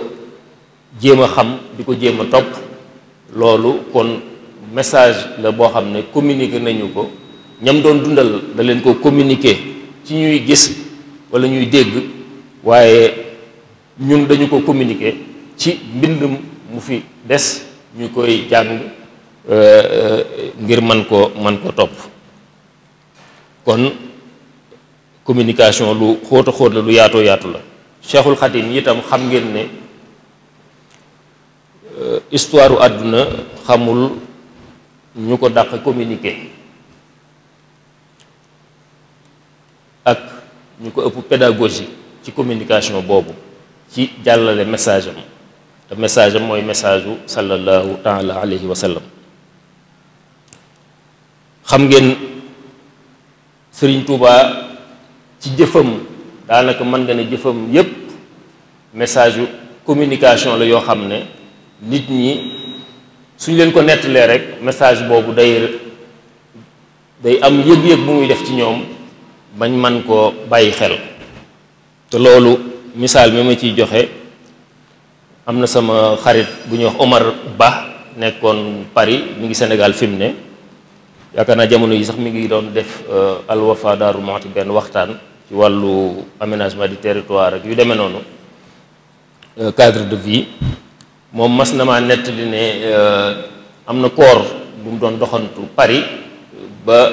jéem a xam di ko jéem a topp loolu kon message la boo xam ne communiqué nañu ko ñam doon dundal daleen ko communiqué ci ñuy gis walla ñuy dégg waaye ñun dañu ko communiqué ci mbind mu fi des ñu koy jàng euh, euh, ngir man ko man ko topp kon communication lu xóota xóot la lu yaatoo yaatu la Cheikhul Khadim itam xam ngeen ne Euh, histoire àdduna xamul ñu ko dàq communiqué ak ñu ko ëpp pédagogie ci communication boobu ci jàllale message am te message am mooy message u sallallahu taala alayhi wa xam ngeen Sëriñ Tuubaa ci jëfam daanaka mën nga ne jëfam yépp message communication la yoo xam ne nit ñi suñ leen ko nettalee rek message boobu day day am yëg-yëg bu muy def ci ñoom bañ man koo bàyyi xel te loolu misaal mi ma ciy joxe am na sama xarit bu ñu wax Omar Ba nekkoon Paris mi ngi Sénégal fi mu ne yaakaar naa jamono yi sax mi ngi doon def euh, Al Wafa Daaru Muxti benn waxtaan ci wàllu aménagement du territoire yu demee noonu euh, cadre de vie moom mas na maa nettali ne euh, am na koor bu mu doon doxantu Paris ba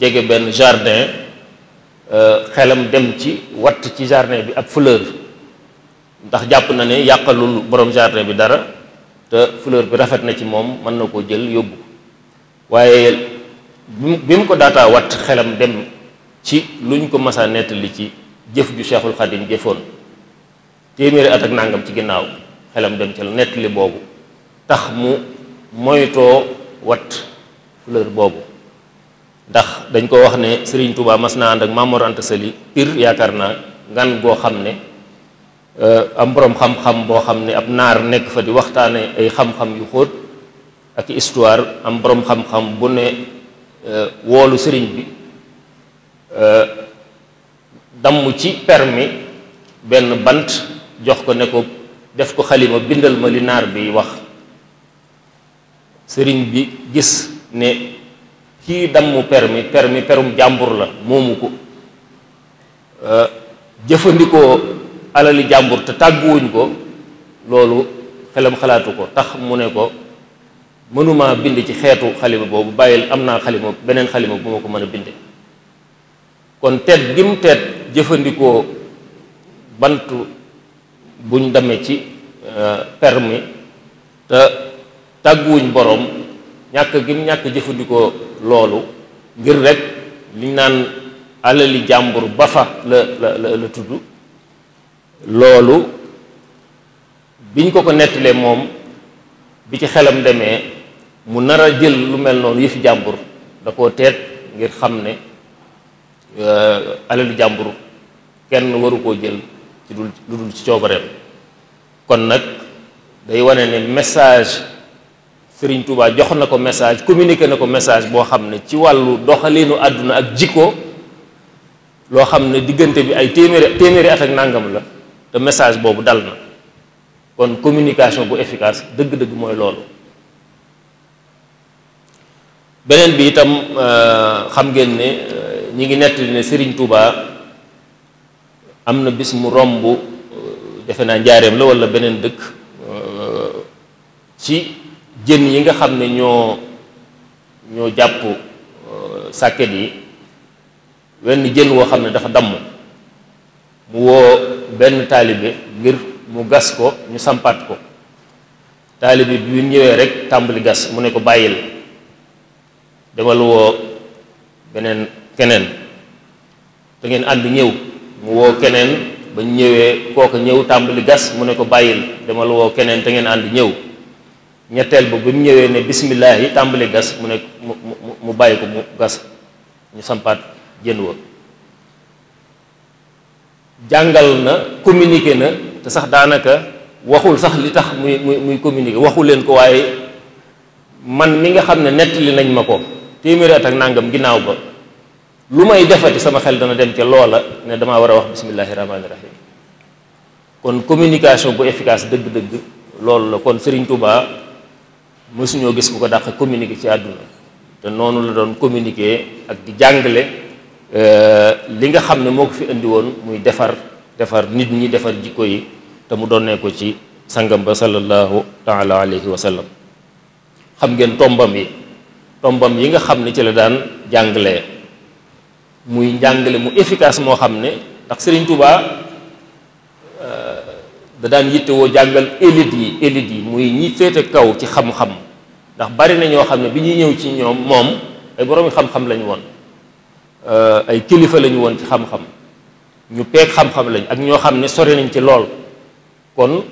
jege benn jardin euh, xelam dem ci watt ci jardin bi ak fleur ndax jàpp na ne yàqalul borom jardin bi dara te fleur bi rafet na ci moom mën na koo jël yóbbu waaye bi mu ko daataa watt xelam dem ci luñ ko masaa nettali ci jëf ju seexul Khadim jëfoon téeméeri at ak nangam ci ginnaaw xelam dem ca nettali boobu tax mu moytoo wat fleur boobu ndax dañ ko wax ne sëriñ Touba mas naa ànd ak Mamor Anta Sali yaakaar naa ngan goo xam ne euh, am boroom xam-xam boo xam ne ab naar nekk fa di waxtaanee ay xam-xam yu xóot ak histoire am boroom xam-xam bu ne euh, woolu sëriñ bi euh, damm ci permi benn bant jox ko ne ko def ko xalima bindal ma li naar bi wax sëriñ bi gis ne kii dammu permi permi perum jàmbur la moomu ko euh, jëfandikoo alali jàmbur te tàgguwuñ ko loolu xelam xalaatu ko tax mu ne ko mënuma bind ci xeetu xalima boobu bàyyil am naa xalima beneen xalima bu ma ko mën a binde kon teet gim teet jëfandikoo bantu buñ demee ci euh, permis te tàgguwuñ boroom ñàkk gim ñàkk jëfandikoo loolu ngir rek liñ naan alali jàmbur ba fa la la la tudd loolu biñ ko ko nettalee moom bi ci xelam demee mu nar a jël lu mel noonu yëfi jàmbur da koo teet ngir xam ne euh, alali jàmbur kenn waru koo jël ci lu dul ci coobareem kon nag day wane ne message Serigne Touba jox na ko message communiqué na ko message boo xam ne ci wàllu doxaliinu àdduna ak jikko loo xam ne diggante bi ay téeméeri téeméeri at ak nàngam la te message boobu dal na kon communication bu efficace dëgg-dëgg mooy loolu beneen bi itam euh, xam ngeen ne euh, ñi ngi nettali ne Serigne Touba. am na bis mu romb euh, defe naa njaareem la walla beneen dëkk euh, ci jën yi nga xam ne ñoo ñoo jàpp euh, sàkket yi wenn jën woo xam ne dafa damm mu woo benn taalibe ngir mu gas ko ñu sampaat ko taalibe bi ñëwee rek tàmbali gas mu ne ko bàyyil demal woo beneen keneen da ngeen ànd ñëw mu woo keneen ba ñëwee kooka ñëw tàmbali gas mu ne ko bàyyil dama la woo keneen te ngeen ànd ñëw ñetteel ba bi mu ñëwee ne bisimilah yi tàmbali gas mu ne mu mu bàyyi ko mu gas ñu sampaat jën wa jàngal na communiqué na te sax daanaka waxul sax li tax muy muy muy communiqué waxul leen ko waaye man mi nga xam ne nett nettali nañ ma ko téeméeri at ak nàngam ginnaaw ba lu may defar ci sama xel dana dem ca loola ne damaa war a wax bismillahi rahmaani rahim kon communication bu efficace dëgg-dëgg loolu la kon Serigne Touba mësuñoo gis ku ko dàq communiquer ci àdduna te noonu la doon communique ak di jàngale euh, li nga xam ne moo ko fi indi woon muy defar defar nit ñi defar jikko yi te mu doon ne ci sangam ba sallallahu taala alayhi wa sallam xam ngeen tombam yi tombam yi nga xam ne ci la daan jàngalee. muy njàngale mu efficace moo xam ne ndax Serigne Touba euh, da daan yittewoo jàngal élite yi élite yi muy ñi féete kaw ci xam-xam ndax bari na ñoo xam ne bi ñuy ñëw ci ñoom moom ay boroomi xam-xam lañu woon euh, ay kilifa lañu woon ci ñu peeg xam lañ ak ñoo xam ne sore nañ ci lool kon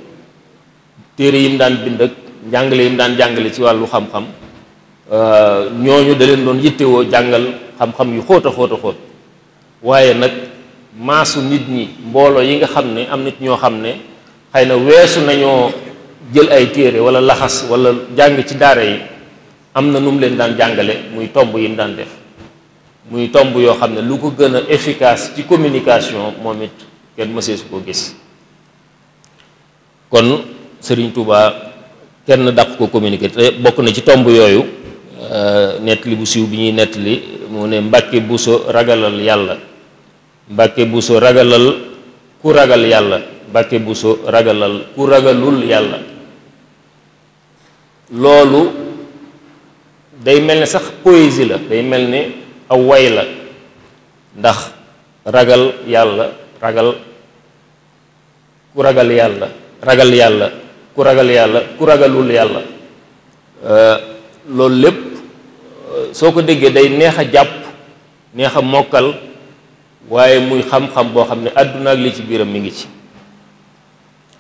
téere yi mu daan bind ak njàngale yi daan jàngale ci wàllu xam-xam euh, ñooñu da leen doon yittewoo jàngal. xam-xam yu xóot a xóot waaye nag maasu nit ñi mbooloo yi nga xam ne am nit ñoo xam ne xëy na weesu nañoo jël ay téere wala laxas wala jàng ci daara yi am na nu mu leen daan jàngale muy tomb yi mu daan def muy tomb yoo xam ne lu ko gën a efficace ci communication moom it kenn mësee su ko gis kon Serigne Touba kenn dàq ko communiquer te bokk na ci tomb yooyu Euh, nettali bu siiw bi ñuy nettali mu ne Mbàkke Buso ragalal yàlla Mbàkke Buso ragalal ku ragal yàlla Mbàkke Buso ragalal ku ragalul yàlla loolu day mel ne sax poésie la day mel ne aw way la ndax ragal yàlla ragal ku ragal yàlla ragal yàlla ku ragal yàlla ku ragalul yàlla euh, loolu lépp soo ko déggee day neex a jàpp neex a mokkal waaye muy xam-xam boo xam ne àdduna ak li ci biiram mi ngi ci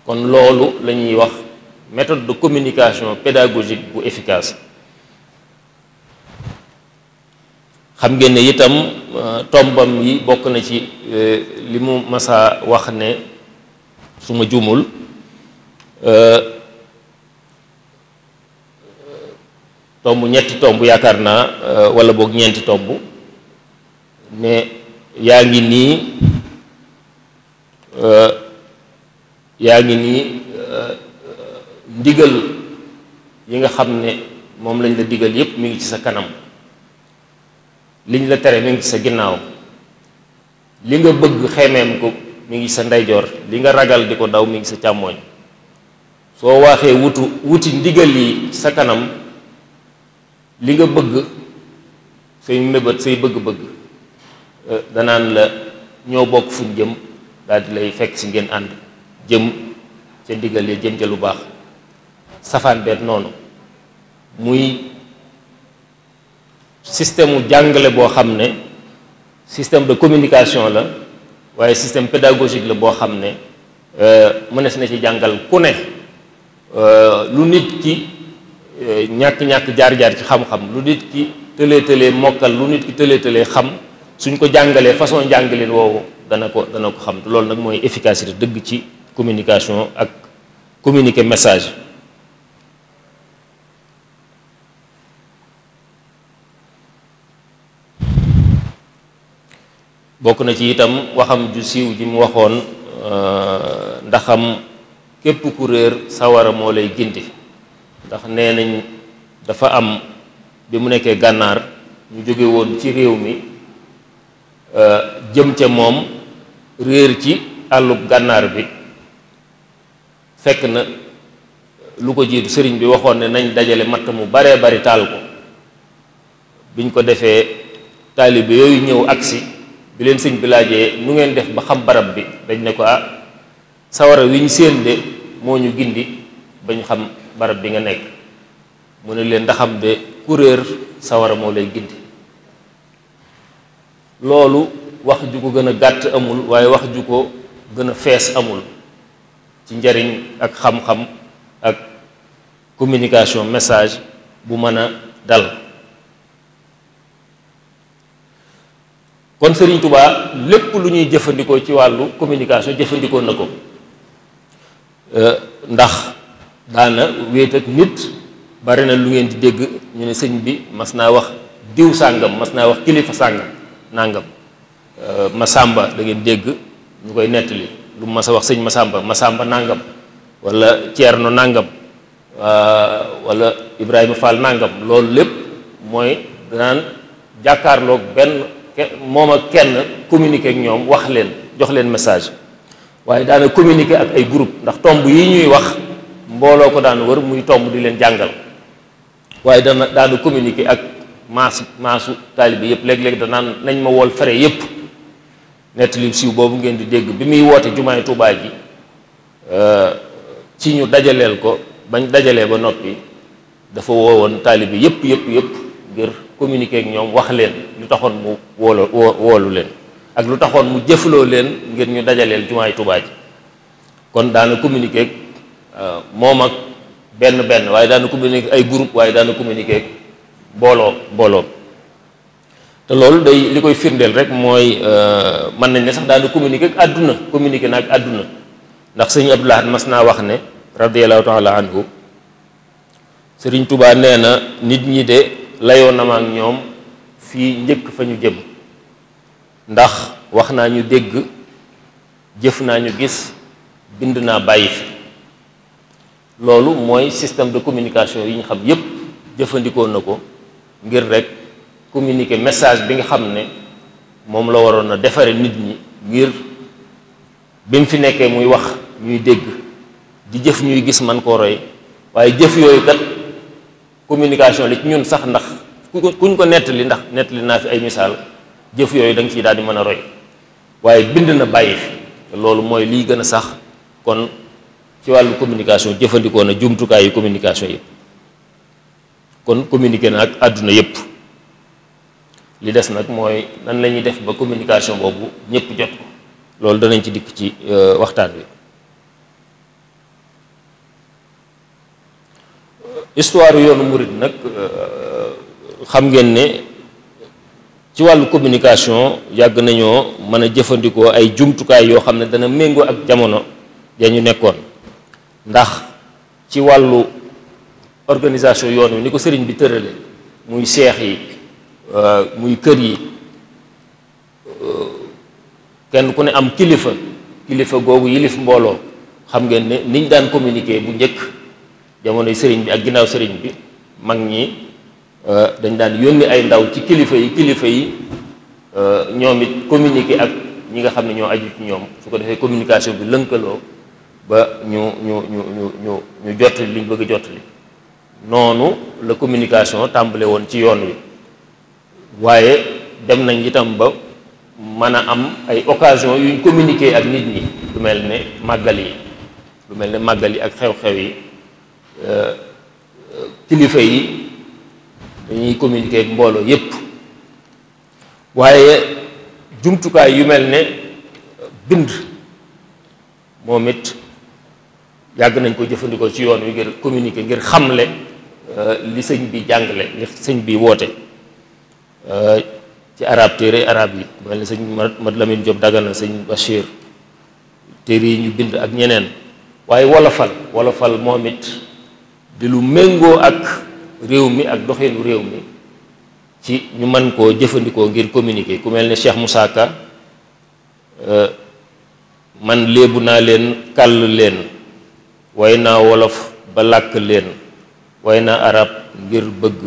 kon loolu la ñuy wax méthode de communication pédagogique bu efficace xam ngeen itam euh, tombam yi bokk na ci euh, li mu masaa wax ne su ma juumul euh, tomb ñetti tomb yaakaar naa euh, wala boog ñeenti tomb ne yaa ngi nii euh, yaa ngi nii euh, ndigal yi nga xam ne moom lañ la digal yépp mi ngi ci sa kanam liñ la tere mi ngi ci sa ginnaaw li nga bëgg xemeem ko mi ngi sa ndeyjoor li nga ragal di ko daw mi ngi sa càmmoñ soo waxee wutu wuti ndigal yi sa kanam li nga bëgg say mébét say bëgg-bëgg euh, danaan la ñoo bokk fuñ jëm daal di lay fekk si ngeen ànd jëm ca ndigal ya jëm ca lu baax safaan beet noonu muy système mu jàngale boo xam ne système de communication la waaye système pédagogique la boo xam ne euh, mënees na ci jàngal ku ne euh, lu nit ki ñàkk-ñàkk jaar-jaar ci xam-xam lu nit ki tëlee tëlee mokkal lu nit ki tëlee tëlee xam suñ ko jàngalee façon jàngaleen woowu dana ko dana ko xam loolu nag mooy efficacité dëgg ci communication ak communique message bokk na ci itam waxam ju siiw ji mu waxoon euh, ndaxam képp ku réer sawara moo lay gindi ndax nee nañ dafa am bi mu nekkee gànnaar ñu jóge woon ci réew mi euh, jëm ca moom réer ci àllub gànnaar bi fekk na lu ko jiitu sëriñ bi waxoon ne nañ dajale matt mu baree bari taal ko biñ ko defee taalibe yooyu ñëw agsi bi leen sëñ laajee nu ngeen def ba xam barab bi dañ ne ko ah sawara wi ñu séen de moo ñu gindi bañ xam barab bi nga nekk mu ne leen ndaxam de kuréer sawara moo lay gindi loolu wax ju ko gën a gàtt amul waaye wax ju ko gën a fees amul ci njariñ ak xam-xam ak communication message bu mën a dal kon Serigne Touba lépp lu ñuy jëfandikoo ci wàllu communication jëfandikoo na ko euh, ndax daana wéet ak nit bari na lu ngeen di dégg ñu ne sëñ bi mas naa wax diw sàngam mas naa wax kilifa sàngam nàngam euh, masamba da dangeen dégg ñu koy nettali lu mas a wax sëñ masamba masamba nàngam wala ceerno nàngam euh, wala ibrahima fall nàngam loolu lépp mooy danaan jàkkaarloog benn moom ak kenn communiquer ak ñoom wax leen jox leen message waaye daana communiquer ak ay groupe ndax tomb yi ñuy wax mbooloo ko daan wër muy tomb di leen jàngal waaye dana daana communiquer ak maas maasu taalibe yëpp léeg-léeg danaan nañ ma wool fare yëpp nettali siiw boobu ngeen di dégg bi muy woote jumaay Tuubaa ji ci ñu dajaleel ko bañ dajalee ba noppi dafa woowoon taalibe yëpp yëpp yëpp ngir communiquer ak ñoom wax leen lu taxoon mu woolu woolu leen ak lu taxoon mu jëfloo leen ngir ñu dajaleel jumaay tubaa ji kon daana communiquer Euh, moom ak benn benn waaye daana communiquer ay groupe waaye daana communiquer mbooloo mbooloo te loolu day li koy firndeel rek mooy euh, mën nañ ne sax daana communiquer ak àdduna communiquer na ak àdduna ndax sëñ naa wax ne radiallahu taala anhu sëriñ Touba nee na nit ñi de layoon na ak ñoom fii njëkk fa ñu jëm ndax wax naa ñu dégg jëf naa ñu gis bind naa bàyyi fi loolu mooy système de communication yi ñu xam yépp jëfandikoo na ko ngir rek communiquer message bi nga xam ne moom la waroon na defaree nit ñi ngir bi mu fi nekkee muy wax ñuy dégg di jëf ñuy gis man koo roy waaye jëf yooyu kat communication la ci ñun sax ndax ko kuñ ko nettali ndax nettali naa fi ay misaal jëf yooyu da nga ciy daal di mën a roy waaye bind na bàyyi fi loolu mooy liy gën a sax kon ci wàllu communication jëfandikoo na jumtukaayu communication yëpp kon communiqué ak àdduna yëpp li des nag mooy nan lañuy def ba communication boobu ñëpp jot ko loolu danañ ci dikk ci euh, waxtaan wi. histoire yoonu murit nag euh, xam ngeen ne ci wàllu communication yàgg nañoo mën a jëfandikoo ay jumtukaay yoo xam ne dana méngoo ak jamono ja ñu nekkoon. ndax ci wàllu organisation yoon wi ni ko sëriñ bi tërale muy seex yi euh, muy kër yi euh, kenn ku ne am kilifa kilifa googu yilif mbooloo xam ngeen ne niñ daan communiquer bu njëkk jamonoy sëriñ bi ak ginnaaw sëriñ bi mag ñi euh, dañ daan yónni ay ndaw ci kilifa yi kilifa yi ñoom it communiquer ak ñi nga xam ne ñoo aju ci ñoom su ko defee communication bi lënkaloo ba ñu ñu ñu ñu ñu ñu jottali li ñu bëgg jottali noonu la communication tàmbale woon ci yoon wi waaye dem nañ itam ba mën a am ay occasion yuñ communiquer ak nit ñi lu mel ne màggal yi lu mel ne màggal yi ak xew-xew yi euh, euh, kilifa yi dañuy communiquer ak mbooloo yépp waaye jumtukaay yu mel ne bind moom it jàgg nañ ko jëfandikoo ci yoon wi ngir communiquer ngir xamle euh, li sëñ bi jàngale li sëñ bi woote euh, ci arab téere arab yi mel ni sëñ Mat Lamin Jóob Dagana sëñ Bachir téere yi ñu bind ak ñeneen waaye wolofal wolofal moom it di lu méngoo ak réew mi ak doxeenu réew mi ci ñu mën koo jëfandikoo ngir communiquer ku mel ni Cheikh Moussa euh, man léebu naa leen kàll leen way naa wolof ba làkk leen way naa arab ngir bëgg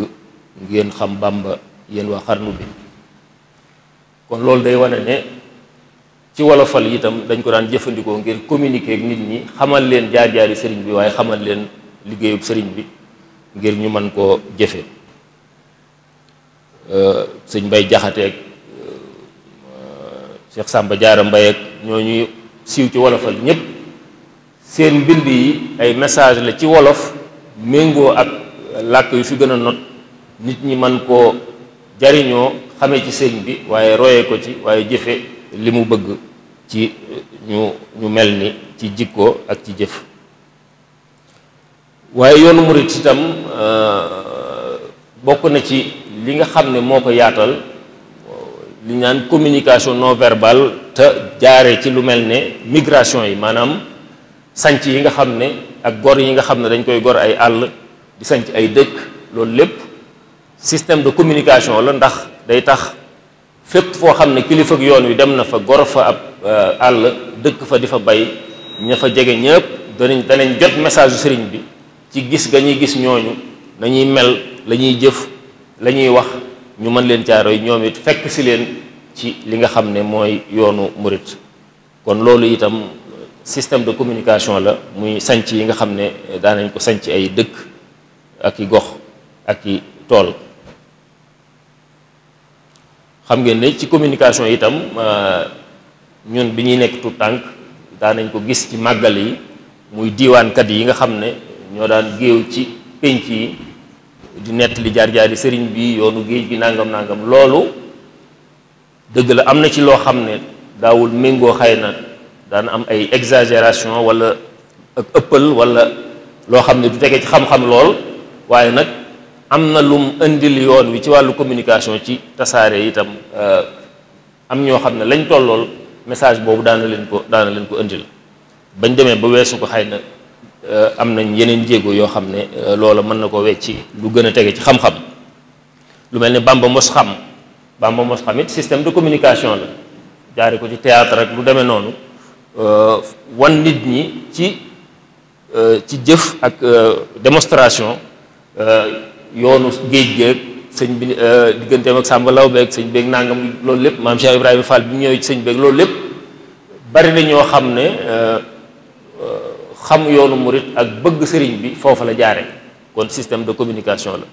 ngeen xam bàmba yéen waa xarnu bi kon loolu day wane ne ci wolofal itam dañ ko daan jëfandikoo ngir communiquer ak nit ñi xamal leen jaar-jaari sëriñ bi waaye xamal leen liggéeyub sëriñ bi ngir ñu mën koo jëfe euh, sëñ Mbay Jaxate ak euh, Cheikh Samba Jaara Mbay ak ñoo ñuy siiw ci wolofal ñépp seen bind yi ay message la ci wolof méngoo ak làkk yu fi gën a not nit ñi man koo jariñoo xamee ci seen bi waaye royee ko ci waaye jëfe li mu bëgg ci eh, ñu ñu mel ni ci jikko ak ci jëf waaye yoonu murit itam eh, bokk na ci li nga xam ne moo ko yaatal li naan communication non verbale te jaare ci lu mel ne migration yi maanaam sanc yi nga xam ne ak gor yi nga xam ne dañ koy gor ay àll di sanc ay dëkk loolu lépp système de communication la ndax day tax fépp foo xam ne kilifa ak yoon wi dem na fa gor fa ab euh, àll dëkk fa di fa bay ña fa jege ñëpp danañ danañ jot message sëriñ bi ci gis ga ñuy gis ñooñu dañuy mel la ñuy jëf la ñuy wax ñu mën leen yi ñoom it fekk si leen ci li nga xam ne mooy yoonu murit kon loolu itam système de communication la muy sanc yi nga xam ne daanañ ko sanc ay dëkk ak i gox ak i tool xam ngeen ne ci communication itam euh, ñun bi ñuy nekk tout tànk daanañ ko gis ci màggal yi muy diiwaankat yi nga xam ne ñoo daan géew ci pénc yi di nett li jaar-jaari sëriñ bi yoonu géej gi nangam-nangam loolu dëgg la am na ci loo xam ne daawul méngoo xay na daana am ay exagération wala ak ëppal wala loo xam ne du tegee ci xam-xam lool waaye nag am na lum indi li yoon wi ci wàllu communication ci tasaare itam euh, am ñoo xam ne lañ tollool message boobu daana leen ko daana leen ko indil bañ demee ba weesu ko xëy na euh, am nañ yeneen jéego yoo xam ne euh, loola mën na ko wecci lu gën a tege ci xam-xam lu mel ne Bamba mos xam Bamba mos xam it système de communication la jaare ko ci théâtre rek lu demee noonu Euh, wan nit ñi ci euh, ci jëf ak euh, démonstration yoonu géej géeg sëñ bi digganteem ak Samba Law beeg sëñ beeg nangam loolu lépp maam Cheikh Ibrahima Fall bi ñëwee ci sëñ beeg loolu lépp bari na ñoo xam ne xam yoonu murit ak bëgg sëriñ bi foofa la jaare kon système de communication la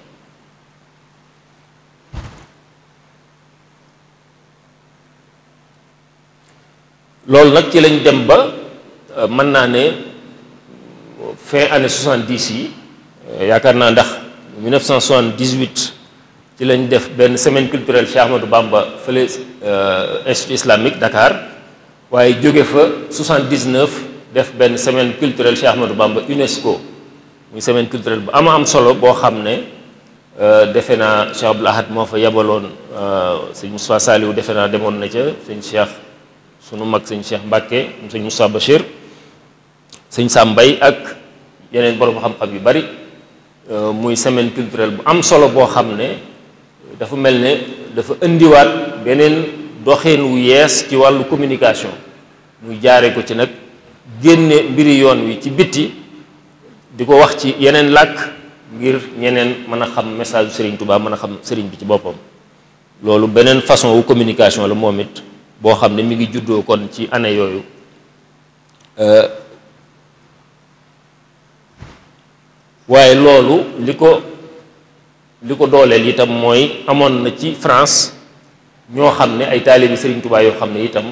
loolu nag ci lañ dem ba euh, mën naa ne fin année 70 yi euh, yaakaar naa ndax 1978 ci lañ def benn semaine culturelle Cheikh Ahmadou Bamba fële euh, institut islamique Dakar waaye jóge fa 79 def benn semaine culturelle Cheikh Ahmadou Bamba UNESCO muy semaine culturelle bu ama am solo boo xam ne defe naa Cheikh Abdoul Ahad moo fa yebaloon sëñ Moustapha Saliou defe naa demoon na ca sëñ Cheikh sunu mag sëñ Cheikh Mbacke sëñ Moussa Bachir sëñ Sam Mbaye ak yeneen borom xam-xam yu bari euh, muy semaine culturelle bu am solo boo xam ne dafa mel ne dafa indiwaat beneen doxin wu yees ci wàllu communication muy jaare ko ci nag génne mbiri yoon wi ci bitti di ko wax ci yeneen làkk ngir ñeneen mën a xam message Serigne Touba mën a xam Serigne bi ci boppam loolu beneen façon wu communication la moom it boo xam ne mi ngi juddoo kon ci année yooyu euh, waaye loolu li ko li ko dooleel itam mooy amoon na ci France ñoo xam ne ay taalibi Serigne Touba yoo xam ne itam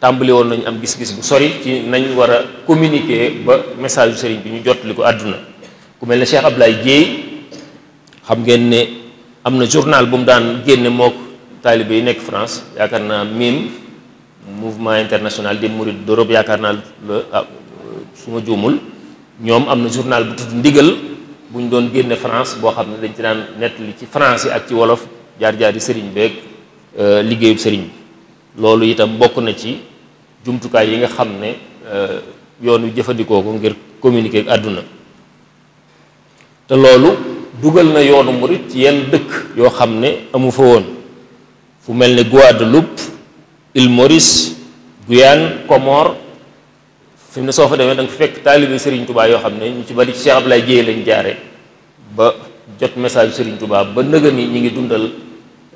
tàmbali woon nañu am gis-gis bu sori ci nañ war a communiquer ba message Serigne bi ñu jot li ko àdduna ku mel ne Cheikh Ablaye Dieye xam ngeen ne am na journal bu mu daan génne mook taalibe yi nekk France yaakaar naa miim mouvement international des mourides d'Europe yaakaar naa la ah, su ma juumul ñoom am na journal bu tudd ndigal bu ñu doon génne France boo xam ne dañ ci daan nettali ci France ak ci wolof jaar-jaari sëriñ beeg euh, liggéeyub sëriñ bi loolu itam bokk na ci jumtukaay yi nga xam ne euh, yoon wi jëfandikoo ko ngir communiquer ak àdduna te loolu dugal na yoonu murit ci yenn dëkk yoo xam ne amu fa woon fu mel ne Guadeloupe île Maurice Guyane Comore fi ne soo fa demee da fekk taalibe Serigne Touba yoo xam ne ñu ci bari ci Cheikh Abdoulaye lañ jaare ba jot message Serigne Touba ba nëga ni ñi ngi dundal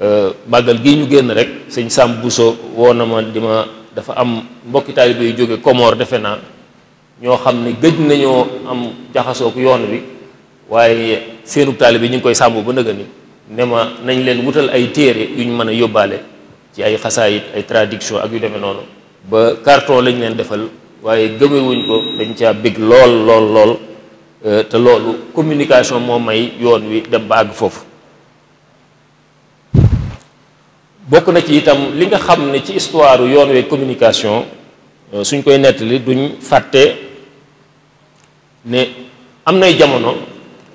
euh, màggal gi ñu génn rek sëñ Sam Bousso woo na ma di ma dafa am mbokki taalibe yu jóge Comore defe naa ñoo xam ne gëj nañoo am jaxasoo yoon wi waaye seenu taalibe ñu ngi koy sàmm ba nëga ni ne ma nañ leen wutal ay téere yu ñu mën a yóbbaale ci ay xasaayit ay traduction ak yu demee noonu ba carton lañ leen defal waaye gëmewuñ ko dañ caa bég lool lool lool euh, te loolu communication moo may yoon wi dem ba àgg foofu bokk na ci itam li nga xam ne ci histoire yoon wi communication euh, suñ koy nettali duñ fàtte ne am nay jamono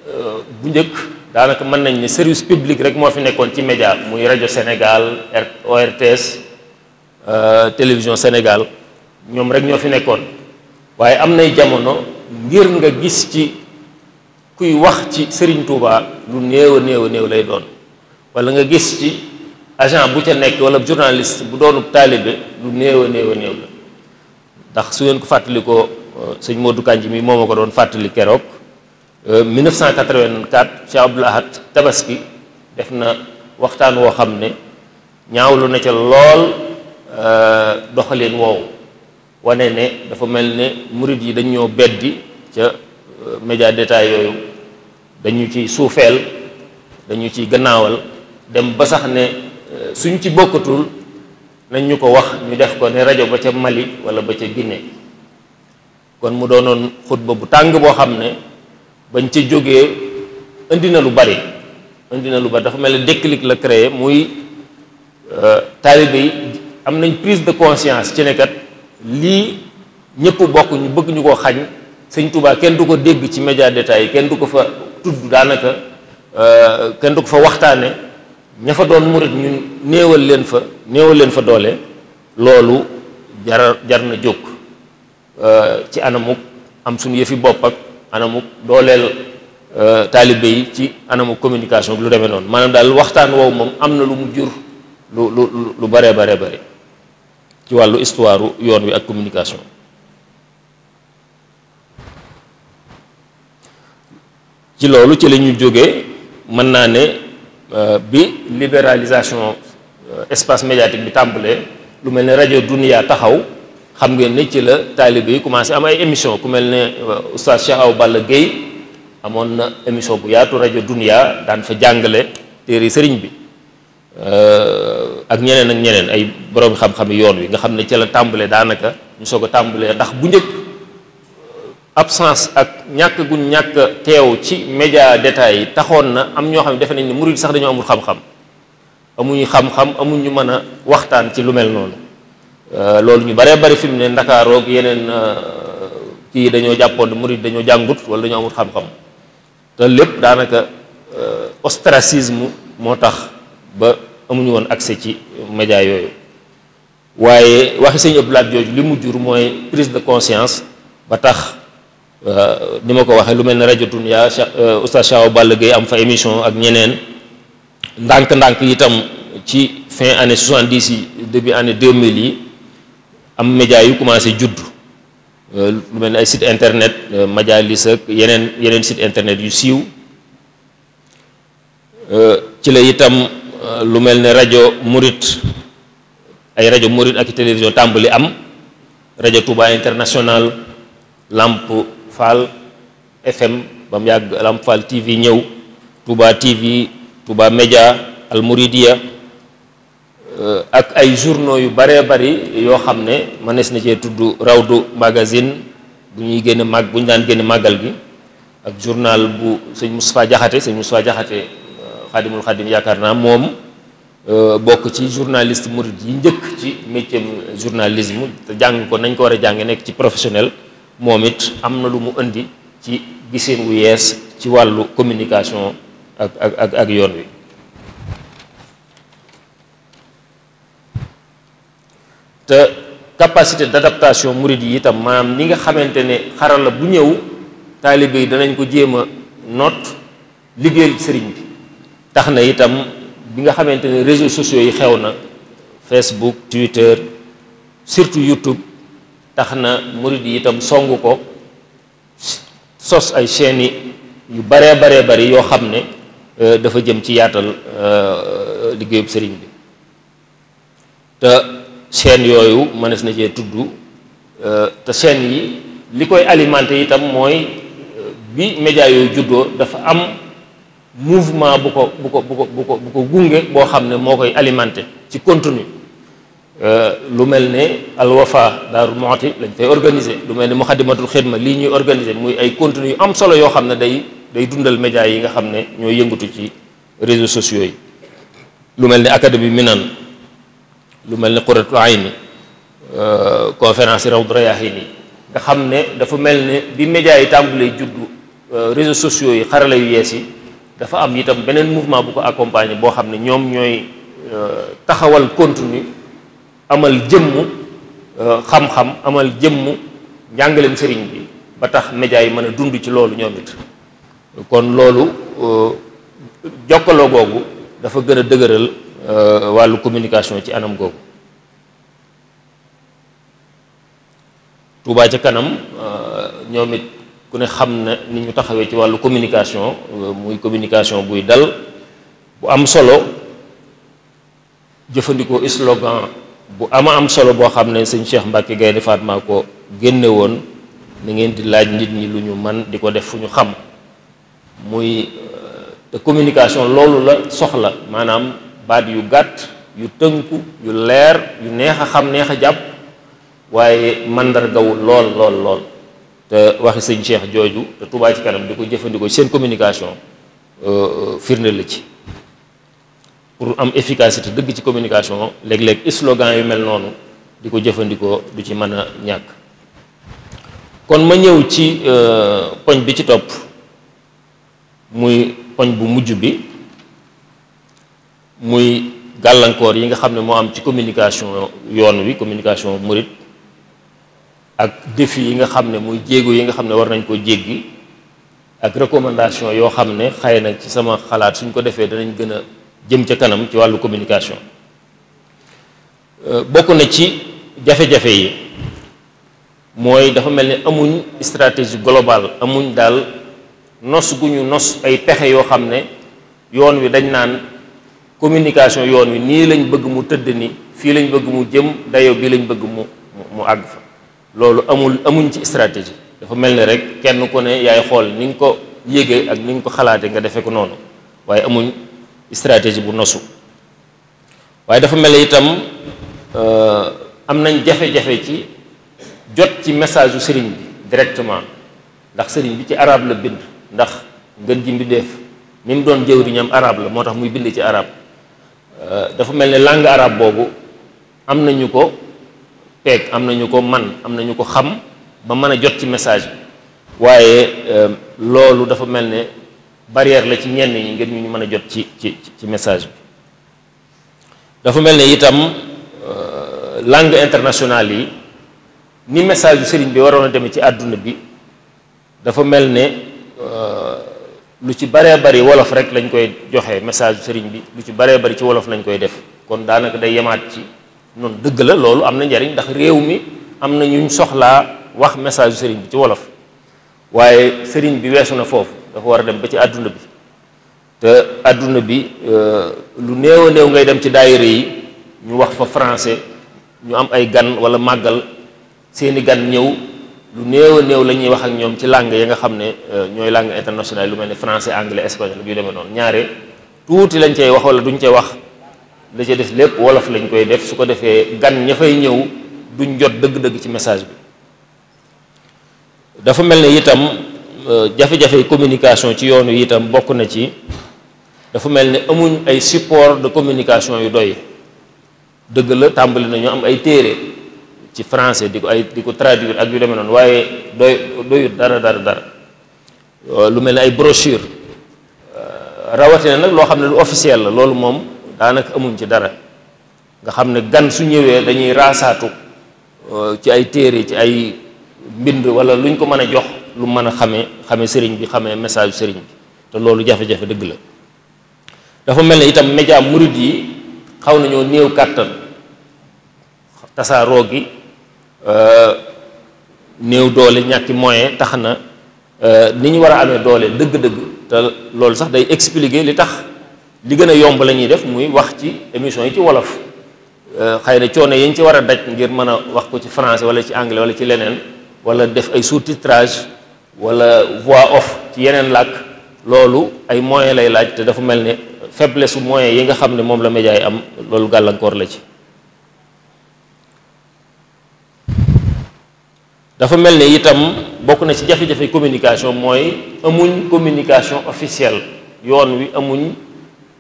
euh, bu njëkk daanaka mën nañ ni service public rek moo fi nekkoon ci média muy rajo Sénégal ORTS euh, télévision Sénégal ñoom rek ñoo fi nekkoon waaye am nay jamono ngir nga gis ci kuy wax ci Serigne Touba lu néew a néew néew lay doon wala nga gis ci agent bu ca nekk wala journaliste bu doonub taalibe lu néew a néew a néew la ndax su ngeen ko fàttalikoo euh, sëñ Modou Kandji mi moo ma ko doon fàttali keroog 1984 euh, Cheikh Abdoul Ahad Tabaski def na waxtaan woo xam ne ñaawlu na ca lool euh, doxalin woowu wane ne dafa mel ne murit yi dañoo beddi ca euh, média d'état yooyu dañu ci suufeel dañu ciy gannaawal dem ba sax ne suñ ci bokkatul nañ ñu ko wax ñu def ko ne rajo ba ca Mali wala ba ca Guinée kon mu doonoon xutba bu tàng boo xam ne bañ ca jógee indi na lu bari indi na lu bari dafa mel ne déclic la créé muy euh, taalibe yi am nañ prise de conscience ci nekkat lii ñëpp bokk ñu bëgg ñu ko xañ sëñ Touba kenn du ko dégg ci média détail yi kenn du ko fa tudd daanaka euh, kenn du ko fa waxtaane ña fa doon murit ñu néewal leen fa néewal leen fa doole loolu jar jar na jóg euh, ci anamuk am suñu yëfi bopp anamu dooleel euh, taalibe yi ci anamu communication bi lu demee noonu maanaam daal waxtaan woowu moom am na lu mu jur lu lu lu baree baree bare ci wàllu histoire yoon wi ak communication ci loolu ci la ñu jógee mën naa ne euh, bi libéralisation euh, espace médiatique bi tàmbalee lu mel ne rajo Dunia taxaw xam ngeen ne ci la taalibe yi commencé am ay émission ku mel ne euh, oustaz Aw Balla Gueye amoon na émission bu yaatu rajo Dunia daan fa jàngale téere sëriñ bi euh, ak ñeneen ak ñeneen ay borom xam-xam yoon wi nga xam ne ci la tàmbale daanaka ñu soog a tàmbalee ndax bu njëkk absence ak ñàkk gu ñàkk teew ci média détails yi taxoon na am ñoo xam ne defe nañ ne murid sax dañoo amul xam-xam amuñu xam-xam amuñu mën a waxtaan ci lu mel noonu Euh, loolu ñu baree bari fi mu ne ndakaaroog yeneen euh, kii dañoo jàppoon murid dañoo jàngut wala dañoo amul xam-xam te lépp daanaka euh, ostracisme moo tax ba amuñu woon accès ci média yooyu waaye waxi sëñ Abdou Lahad jooju li mu jur mooy prise de conscience ba tax ni ma ko waxee lu mel ne rajo Dunya Oustaz Chao Balla Gueye am fa émission ak ñeneen ndànk-ndànk itam ci fin année soixante-dix yi début année deux mille yi am média yu commencé judd euh, lu mel ni ay site internet euh, majalis ak yeneen yeneen site internet yu siiw euh, ci la itam lu mel ni rajo murit ay rajo murit ak télévision tàmbali am rajo Touba international Lamp Fall FM ba mu yàgg Lamp Fall TV ñëw Touba TV Touba Média Al Mouridiya Euh, ak ay journaux yu baree bari yoo xam ne mënees na cee raw du magasin bu ñuy génn mag bu ñu daan génn màggal bi ak journal bu sëñ Moustapha Jaxate sëñ Moustapha Jaxate euh, xaadimul xaadim yaakaar naa moom euh, bokk ci journaliste murid yi njëkk ci métier journalisme te jàng ko nañ ko war a jànge nekk ci professionnel moom it am na lu mu indi ci giseen wu yees ci wàllu communication ak ak ak ak yoon wi te capacité d'adaptation murid yi itam maam ni nga xamante ne xarala bu ñëw taalibe yi danañ ko jéem a noot liggéeyal sëriñ bi tax na itam bi nga xamante ne réseaux sociaux yi xew na Facebook Twitter surtout YouTube tax na murid yi itam song ko sos ay chaînes yu baree baree bari yoo xam ne euh, dafa jëm ci yaatal euh, liggéeyub sëriñ bi chaîne yooyu mënees na cee tudd euh, te chaîne yi li koy alimenté itam mooy euh, bi média yooyu juddoo dafa am mouvement bu ko bu ko bu ko bu ko bu ko gunge boo xam ne moo koy alimenté ci contenu euh, lu mel ne alwafa daaru moxti lañ fay organiser lu mel ne muxadimatul ma lii ñuy organiser muy ay contenu yu am solo yoo xam ne day day dundal média yi nga xam ne ñooy yëngatu ci réseau sociaux yi lu mel ne académie minan lu mel ni ne qurratu ayni euh, conférence yi rawdu rayaahiin yi nga xam ne dafa mel ne bi média yi tàmbalee juddu euh, réseaux sociaux yi xarala yu yees yi dafa am itam beneen mouvement bu ko accompagner boo xam ne ñoom ñooy euh, taxawal continue amal jëmm xam-xam amal jëmm njàngaleem sëriñ bi ba tax média yi mën a dund ci loolu ñoom it kon loolu jokkaloo googu dafa gën a dëgëral Euh, wàllu communication ci anam googu Touba ca kanam euh, ñoom it ku ne xam na ni ñu taxawee ci wàllu communication euh, muy communication buy dal bu am solo jëfandikoo slogan bu ama am solo boo xam ne sëñ Cheikh Mbacke Gaynde Fatma ko génne woon na ngeen di laaj nit ñi lu ñu man di ko def fu ñu xam muy te communication loolu la soxla maanaam baat yu gàtt yu tënku yu leer yu neex a xam neex a jàpp waaye màndargawu lool lool lool te waxi sëñ Cheikh jooju te Touba ci kanam di ko jëfandikoo seen communication euh, euh, firnde la ci pour am efficacité dëgg ci communication léeg-léeg slogan yu mel noonu di ko jëfandikoo du ci mën a ñàkk kon ma ñëw ci euh, poñ bi ci topp muy poñ bu mujj bi muy gàllankoor yi nga xam ne moo am ci communication yoon wi communication murit ak défi yi nga xam ne muy jéego yi nga xam ne war nañ ko jéggi ak recommandation yoo xam ne xëy na ci sama xalaat suñ ko defee danañ gën a jëm ca kanam ci wàllu communication euh, bokk na ci jafe-jafe yi mooy dafa mel ni amuñ stratégie globale amuñ daal nos gu ñu nos ay pexe yoo xam ne yoon wi dañ naan communication yoon wi nii lañ bëgg mu tëdd ni fii lañ bëgg mu jëm dayo bii lañ bëgg mu mu àgg fa loolu amul amuñ ci stratégie dafa mel ni rek kenn ku ne yaay xool ni nga ko yégee ak ni nga ko xalaatee nga defee ko noonu waaye amuñ stratégie bu nosu waaye dafa mel itam euh, am nañ jafe-jafe ci jot ci message su sëriñ bi directement ndax sëriñ bi ci arab la bind ndax ngën ji mbindeef ni mu doon jëwriñam arab la moo tax muy bind ci arab Euh, dafa mel ne langue arabe boobu am nañu ko peeg am nañu ko man am nañu ko xam ba mën a jot ci message bi waaye euh, loolu dafa mel ne barrière la ci ñenn ñi ngir ñu mën a jot ci ci ci message bi dafa mel ne itam euh, langue international yi ni message bu sëriñ bi waroon a demee ci àdduna bi dafa mel ne lu ci baree bari wolof rek lañ koy joxe message sëriñ bi lu ci baree bari ci wolof lañ koy def kon daanaka day yemaat ci noonu dëgg la loolu am na njariñ ndax réew mi am na ñuñ soxlaa wax message sëriñ bi ci wolof waaye sëriñ bi weesu na foofu dafa war a dem ba ci àdduna bi te àdduna bi euh, lu néew a néew ngay dem ci daayira yi ñu wax fa français ñu am ay gan wala màggal seeni gan ñëw lu néew néew la ñuy wax ak ñoom ci langue yi nga xam ne euh, ñooy langue internationale lu mel ne français anglais espagnol yu demee noonu ñaare tuuti lañ cay wax wala duñ cay wax la cay def lépp wolof lañ koy def su ko defee gan ña fay ñëw duñ jot dëgg-dëgg ci message bi dafa mel ne itam euh, jafe-jafe communication ci yoonu itam bokk na ci dafa mel ni amuñ ay support de communication yu doy dëgg la tàmbali nañu am ay téere ci français di ko ay di ko traduire ak yu demee noonu waaye doy doyut dara dara dara euh, lu mel ni ay brochure euh, rawatina nag loo xam ne lu officiel la loolu moom daanaka amuñ ci dara nga xam ne gan su ñëwee dañuy raasaatu euh, ci ay téere ci ay mbind wala luñ ko mën a jox lu mën a xame xamee sëriñ bi xamee message sëriñ bi te loolu jafe-jafe dëgg la dafa mel ne itam média murid yi xaw nañoo néew kàttan tasaaroo gi Euh, néew doole ñàkki moyen tax na euh, ni ñu war a amee doole dëgg-dëgg te loolu sax day expliqué li tax li gën a yomb la ñuy def muy wax ci émission yi ci wolof euh, xëy na coono yañ ci war a daj ngir mën a wax ko ci français wala ci anglais wala ci leneen wala def ay sous-titrage wala voix off ci yeneen làkk loolu ay moyens lay laaj te dafa mel ne faiblesse su moyens yi nga xam ne moom la média yi am loolu gàllankoor la ci dafa mel ne itam bokk na ci jafe-jafe communication mooy amuñ communication officielle yoon wi amuñ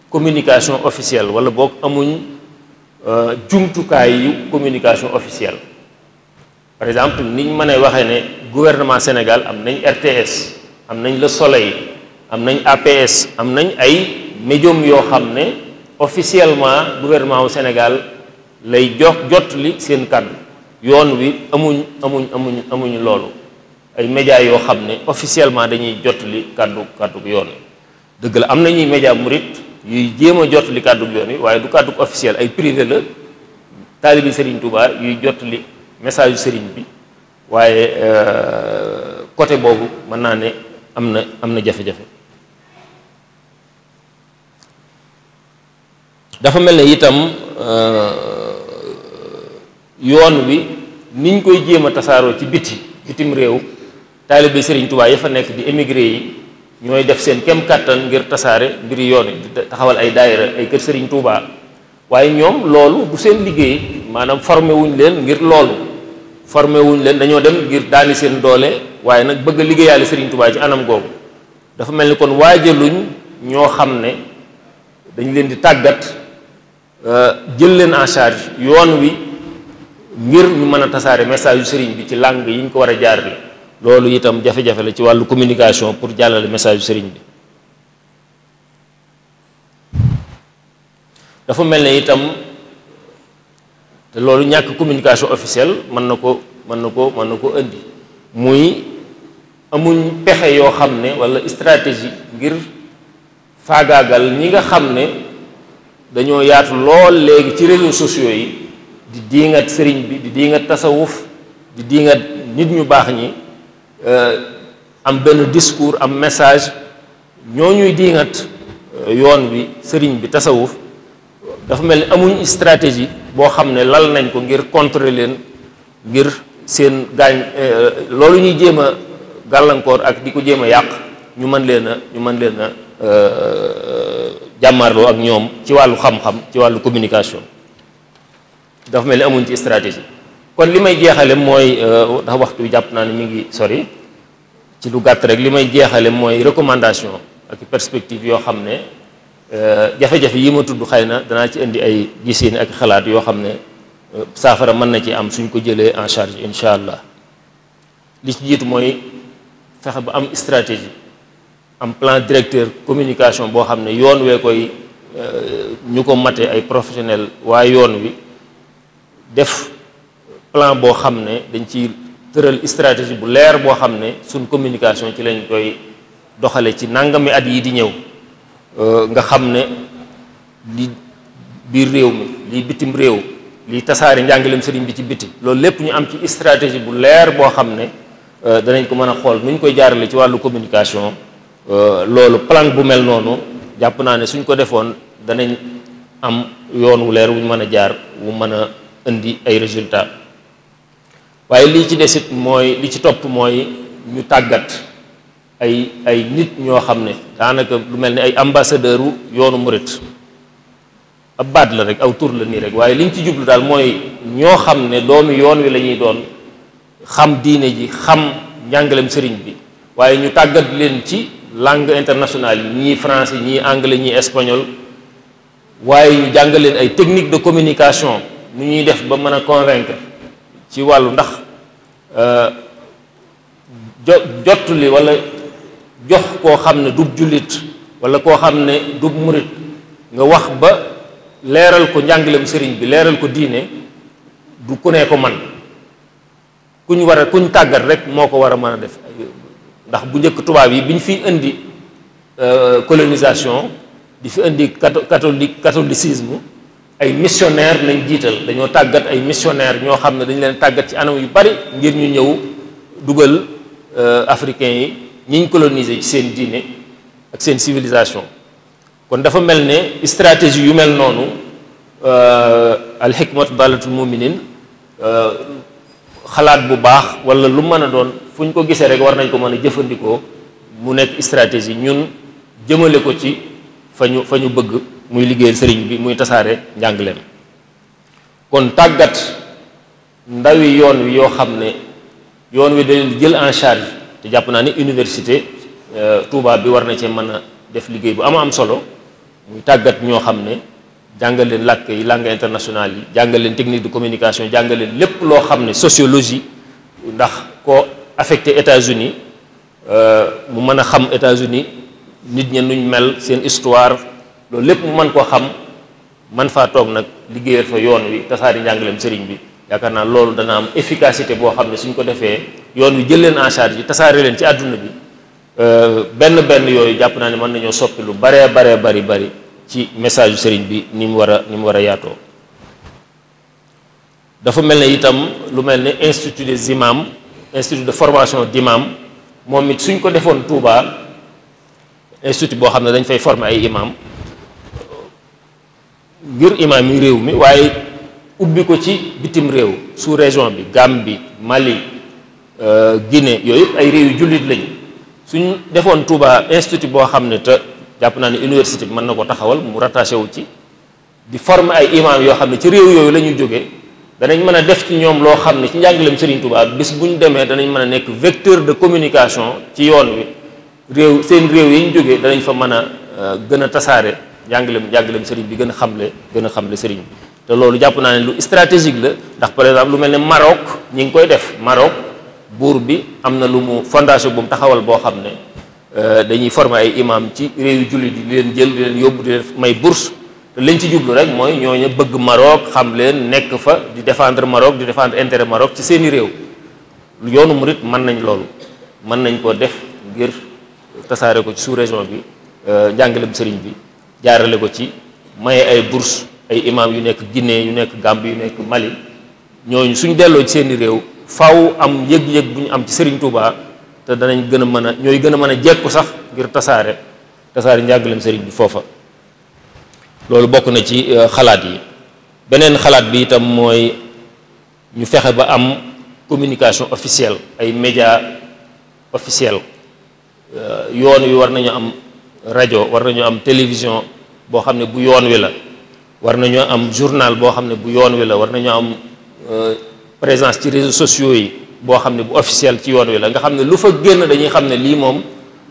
communication officielle wala boog amuñ euh, jumtukaay yu communication officielle par exemple niñ mënee a waxee ne gouvernement Sénégal am nañ RTS am nañ Le Soleil am nañ APS am nañ ay médium yoo xam ne officiellement gouvernement wu Sénégal lay jox jot li seen kàddu yoon wi amuñ amuñ amuñ amuñ loolu ay médias yoo xam ne officiellement dañuy jottali kàddu kàddu yoon wi dëgg la am na ñuy média murit yuy jéem a jottali kàddu yoon wi waaye du kàddu officiel ay privé la taalibi Serigne Touba yuy jotli message yu bi waaye euh, côté boobu mën naa ne am na am na jafe-jafe. dafa mel ne itam. Euh, yoon wi niñ koy jéem a tasaaroo ci biti bitim réew taalibe Serigne Touba ya fa nekk di émigré yi ñooy def seen kem kàttan ngir tasaare mbiri yoon wi di taxawal ay daayira ay kër Serigne Touba waaye ñoom loolu du seen liggéey maanaam formé wuñ leen ngir loolu formé wuñ leen dañoo dem ngir daani seen doole waaye nag bëgg a liggéeyaale Serigne Touba ci anam googu dafa mel ni kon waajaluñ ñoo xam ne dañ leen di tàggat euh, jël leen en charge yoon wi. ngir ñu mën a tasaare message yu sëriñ bi ci làng yi ñu ko war a jaarale loolu itam jafe-jafe la ci wàllu communication pour jàllale message yu sëriñ bi dafa mel ne itam te loolu ñàkk communication officielle mën na ko mën na ko mën na ko indi muy amuñ pexe yoo xam ne walla stratégie ngir faagaagal ñi nga xam ne dañoo yaatu lool léegi ci réseaux sociaux yi di diingat sëriñ bi di diingat tasawuf di diingat nit ñu baax ñi euh, am benn discours am message ñoo ñuy diingat euh, yoon wi sëriñ bi tasawuf dafa mel ni amuñ stratégie boo xam ne lal nañ ko ngir contrer leen ngir seen gaañ euh, loolu ñuy jéem a gàllankoor ak di ko jéem a yàq ñu mën leen a ñu mën leen a jàmmaarloo ak ñoom ci wàllu xam-xam ci wàllu communication dafa mel ni amuñ ci stratégie kon li may jeexale mooy euh, ndax waxtu jàpp naa ne mi ngi sori ci lu gàtt rek li may jeexale mooy recommandation ak perspective yoo xam ne euh, jafe-jafe yi ma tudd xëy na danaa ci indi ay gisini ak xalaat yoo xam ne euh, saafara mën na ci am suñ ko jëlee en charge incha allah li ci jiitu mooy fexe ba am stratégie am plan directeur communication boo xam ne yoon wee koy ñu ko mate ay professionnel waaye yoon wi def plan boo xam ne dañ ci tëral stratégie bu leer boo xam ne suñ communication ci lañ koy doxale ci nangami at yi di ñëw euh, nga xam ne li biir réew mi li bitim réew li tasaari njàngaleem sëriñ bi ci biti loolu lépp ñu am ci stratégie bu leer boo xam ne euh, danañ ko mën a xool nu koy jaarale ci wàllu communication euh, loolu plan bu mel noonu jàpp naa ne suñ ko defoon danañ am yoon wu leer wuñ mën a jaar wu mën a indi ay résultat waaye li ci desit mooy li ci topp mooy ñu tàggat ay ay nit ñoo xam ne daanaka lu mel ni ay ambassadeur yoonu murit ab baat la rek aw tur la nii rek waaye liñ ci jublu daal mooy ñoo xam ne doomi yoon wi lañuy doon xam diine ji xam njàngalem sëriñ bi waaye ñu tàggat leen ci langue internationale yi ñii français ñii anglais ñii espagnol waaye ñu jàngal leen ay technique de communication ni ñuy def ba mën a convaincre ci wàllu ndax euh, jo jotu li wala jox koo xam ne dub jullit wala koo xam ne dub murit nga wax ba leeral ko njàngalem sëriñ bi leeral ko diine du ku ne ko man kuñ war a kuñ tàggat rek moo ko war a mën a def ndax bu njëkk tubaab yi bi ñu fi indi euh, colonisation di fi indi catholique catholicisme ay missionnaire lañ jiital dañoo tàggat ay missionnaire ñoo xam ne dañu leen tàggat ci anam yu bari ngir ñu ñëw dugal euh, africains yi ñiñ coloniser ci seen diine ak seen civilisation kon dafa mel ne stratégie yu mel noonu euh, alxikmatu dalatul muminin euh, xalaat bu baax wala lu mën a doon fu ñu ko gisee rek war nañ ko mën a jëfandikoo mu nekk stratégie ñun jëmale ko ci fa fa ñu bëgg muy liggéeyal sëriñ bi muy tasaare njàngaleem kon tàggat ndawi yoon wi yoo xam ne yoon wi da leen jël en charge te jàpp naa ne université euh, Touba bi war na cee mën a def liggéey bu am am solo muy tàggat ñoo xam ne jàngal leen làkk yi langue internationale yi jàngaleen leen technique de communication jàngaleen lépp loo xam ne sociologie ndax ko affecté États-Unis euh, mu mën a xam États-Unis nit ña nuñ mel seen histoire loolu lépp mu man koo xam man faa toog nag liggéeyal fa yoon wi tasaari njàngaleem sëriñ bi yaakaar naa loolu dana am efficacité boo xam ne suñ ko defee yoon wi jël leen en yi tasaare leen ci àdduna bi euh, benn benn yooyu jàpp naa ne mën nañoo soppi lu baree bare bari bari ci message sëriñ bi ni mu war a ni mu war a yaatoo dafa mel ne itam lu mel ni institut des imams institut de formation d'imam moom it suñ ko defoon Touba institut boo xam ne dañ fay former ay imam ngir imaam yi réew mi waaye ubbi ko ci bitim réew sous région bi Gambie Mali euh, Guinée yooyu yëpp ay réew yu jullit lañu suñ defoon tubaa institut boo xam ne te jàpp naa ne université bi mën na ko taxawal mu rattaché wu ci di forme ay imaam yoo xam ne ci réew yooyu la ñuy jógee danañ mën a def ci ñoom loo xam ne ci njàngaleem Serigne Touba bis bu ñu demee danañ mën a nekk vecteur de communication ci yoon wi réew seen réew yi jóge danañ fa mën a euh, gën a tasaare. njàngaleem njàngaleem sëriñ bi gën a xamle gën a xamle sëriñ bi te loolu jàpp naa ne lu stratégique la ndax par exemple lu mel ne Maroc ñi ngi koy def Maroc buur bi am na lu mu fondation bu mu taxawal boo xam ne euh, dañuy former ay imam ci réew jullit yi di leen jël di leen yóbbu di leen may bourse te liñ ci jublu rek mooy ñoo ñooñu bëgg Maroc xam leen nekk fa di defendre Maroc di défendre intérêt Maroc ci seeni réew yoonu murit mën nañ loolu mën nañ koo def ngir tasaare ko ci sous région bi euh, njàngalem sëriñ bi jaarale ko ci maye ay bourse ay imam yu nekk ginne yu nekk Gambie yu nekk Mali ñooñu suñ delloo ci seeni réew faaw am yëg-yëg bu ñu am ci Serigne Touba te danañ gën a mën a ñooy gën a mën a jekku sax ngir tasaare tasaare njàngaleem Serigne bi foofa loolu bokk na ci euh, xalaat yi beneen xalaat bi itam mooy ñu fexe ba am communication officielle ay média officielle euh, yoon wi war nañu am rajo war nañu am télévision boo xam ne bu yoon wi la war nañoo am journal boo xam ne bu yoon wi la war nañoo am euh, présence ci réseau sociaux yi boo xam ne bu officiel ci yoon wi la nga xam ne lu fa génn dañuy xam ne lii moom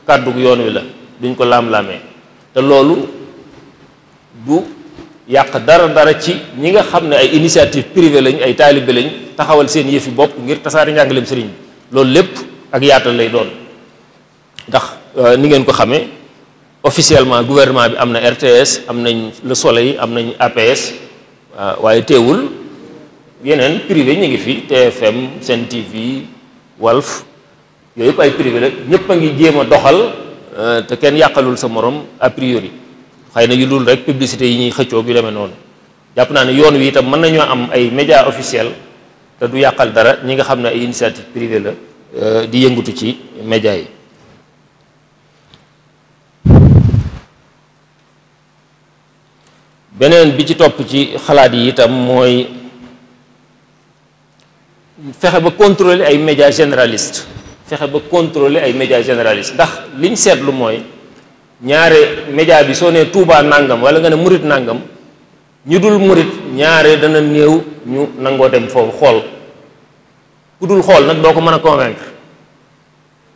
kàddu yoon wi la duñ ko laam-laamee te loolu du yàq dara dara ci ñi nga xam ne ay initiative privée lañ ay taalibe lañ taxawal seen yëfi bopp ngir tasaari njàngaleem sëriñ bi loolu lépp ak yaatal lay doon ndax euh, ni ngeen ko xamee officiellement gouvernement bi am na RTS am nañ Le Soleil am nañ APS waaye teewul yeneen privé ñu ngi fi TFM Sen TV Walf yooyu yëpp ay privé la ñëpp a ngi jéem a doxal euh, te kenn yàqalul sa morom a priori xëy na yu dul rek publicité yi ñuy xëccoo bi demee noonu jàpp naa ne yoon wi itam mën nañoo am ay média officielle te du yàqal dara ñi nga xam ne ay initiative privée la euh, di yëngutu ci média yi beneen bi ci topp ci xalaat yi itam mooy fexe ba contrôler ay médias généralistes fexe ba contrôler ay médias généralistes ndax liñ seetlu mooy ñaare média bi soo nee Touba nangam wala nga ne murit nangam ñu dul murit ñaare dana néew ñu nangoo dem foofu xool ku dul xool nag doo ko mën a convaincre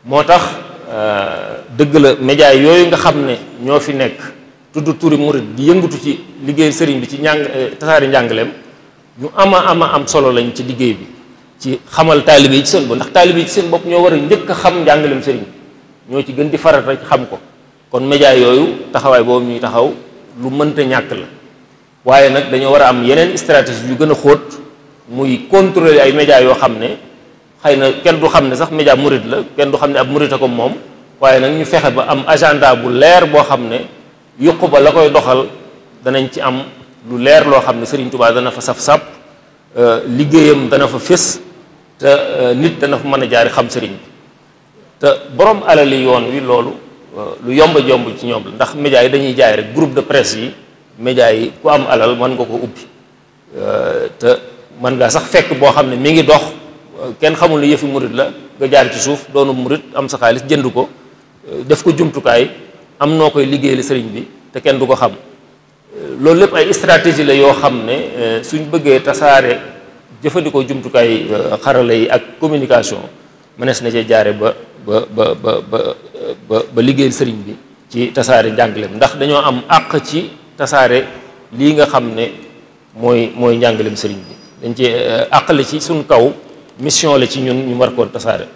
moo tax euh, dëgg la média yooyu nga xam ne ñoo fi nekk tudd turi murit di yëngatu ci liggéey sëriñ bi ci njàng eh, tasaari njàngaleem ñu ama ama am solo lañ ci liggéey bi ci xamal taalibe yi ci seen bopp ndax taalibe yi ci seen bopp ñoo war a njëkk a xam njàngaleem sëriñ bi ñoo ci gën di farat rek xam ko kon média yooyu taxawaay boobu ñuy taxaw lu mënta ñàkk la waaye nag dañoo war a am yeneen stratégie yu gën a xóot muy contrôler ay média yoo xam ne xëy na kenn du xam ne sax média murit la kenn du xam ne ab murit ko moom waaye nag ñu fexe ba am agenda bu leer boo xam ne yuq ba la koy doxal danañ ci am lu leer loo xam ne Serigne Touba dana fa saf-sàpp euh, liggéeyam dana fa fés te euh, nit dana fa mën a jaari xam Serigne bi te borom alali yoon wi loolu euh, lu yomba jomb ci ñoom la ndax média yi dañuy jaay rek groupe de presse yi média yi ku am alal mën nga ko ubbi te mën ngaa sax fekk boo xam ne mi ngi dox kenn xamul ne yëfi murit la nga jaar ci suuf doonu murit am sa xaalis jënd ko def ko jumtukaay am noo koy liggéeyal sëriñ bi te kenn du ko xam loolu lépp ay stratégie la yoo xam ne euh, suñ bëggee tasaare jëfandikoo jumtukaay euh, xarala yi ak communication mënees na cee jaare ba ba ba ba liggéeyal sëriñ bi ci tasaare njàngaleem ndax dañoo am àq ci tasaare lii nga xam ne mooy mooy njàngaleem sëriñ bi dañ ci euh, àq la ci suñ kaw mission la ci ñun ñu war tasaare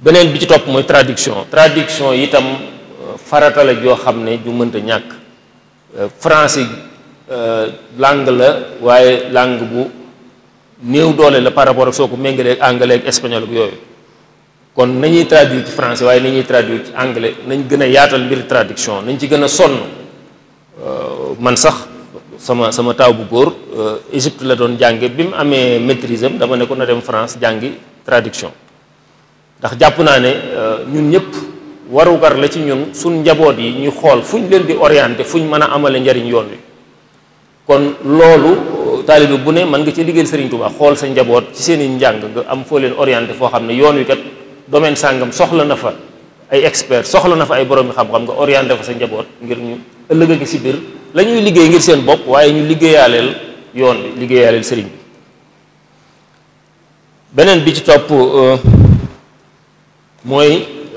beneen bi ci topp mooy traduction traduction itam farata la joo xam ne ju mënta ñàkk euh, français euh, langue la waaye langue bu néew doole la par rapport ak soo ko méngalee ak anglais ak ak yooyu kon nañuy traduire ci français waaye nañuy traduire ci anglais nañ gën a yaatal mbir traduction nañ ci gën a sonn euh, man sax sama sama taaw bu góor Égypte la doon jànge bi mu amee maîtrise dama ne ko na dem France jàngi traduction ndax jàpp naa ne ñun ñëpp warugar la ci ñun suñ njaboot yi ñu xool fu ñu leen di orienté fu ñu mën a amale njariñ yoon wi kon loolu taalibe bu ne mën nga ci liggéeyal Serigne Touba xool sa njaboot ci seen i njàng nga am foo leen orienté foo xam ne yoon wi kat domaine sàngam soxla na fa ay expert soxla na fa ay borom xam-xam nga orienté fa sa njaboot ngir ñu ëllëg ak si biir la ñuy liggéey ngir seen bopp waaye ñu liggéeyaaleel yoon bi liggéeyaaleel Serigne bi beneen bi ci topp euh,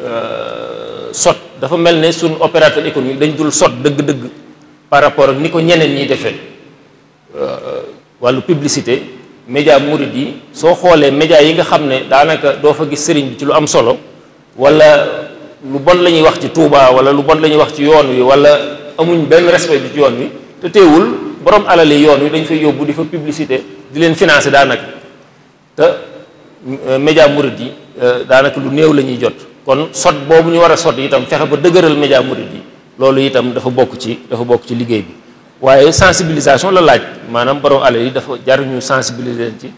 euh, sot dafa mel ne suñ opérateur économique dañu dul sot dëgg-dëgg par rapport ak ni ko ñeneen ñi defee euh, wàllu publicité média murid yi soo xoolee média yi nga xam ne daanaka doo fa gis sëriñ ci lu am solo wala lu bon la ñuy wax ci Touba wala lu bon la ñuy wax ci yoon wi wala amuñ benn respect bi ci yoon wi te teewul borom alal yi yoon wi dañ fay yóbbu di fa publicité di leen financer daanaka te euh, média murid yi euh, daanaka lu néew la ñuy jot kon sot boobu ñu war a sot itam fexe ba dëgëral média murid yi loolu itam dafa bokk ci dafa bokk ci liggéey bi waaye sensibilisation la laaj maanaam borom alal yi dafa jar ñu sensibiliser ci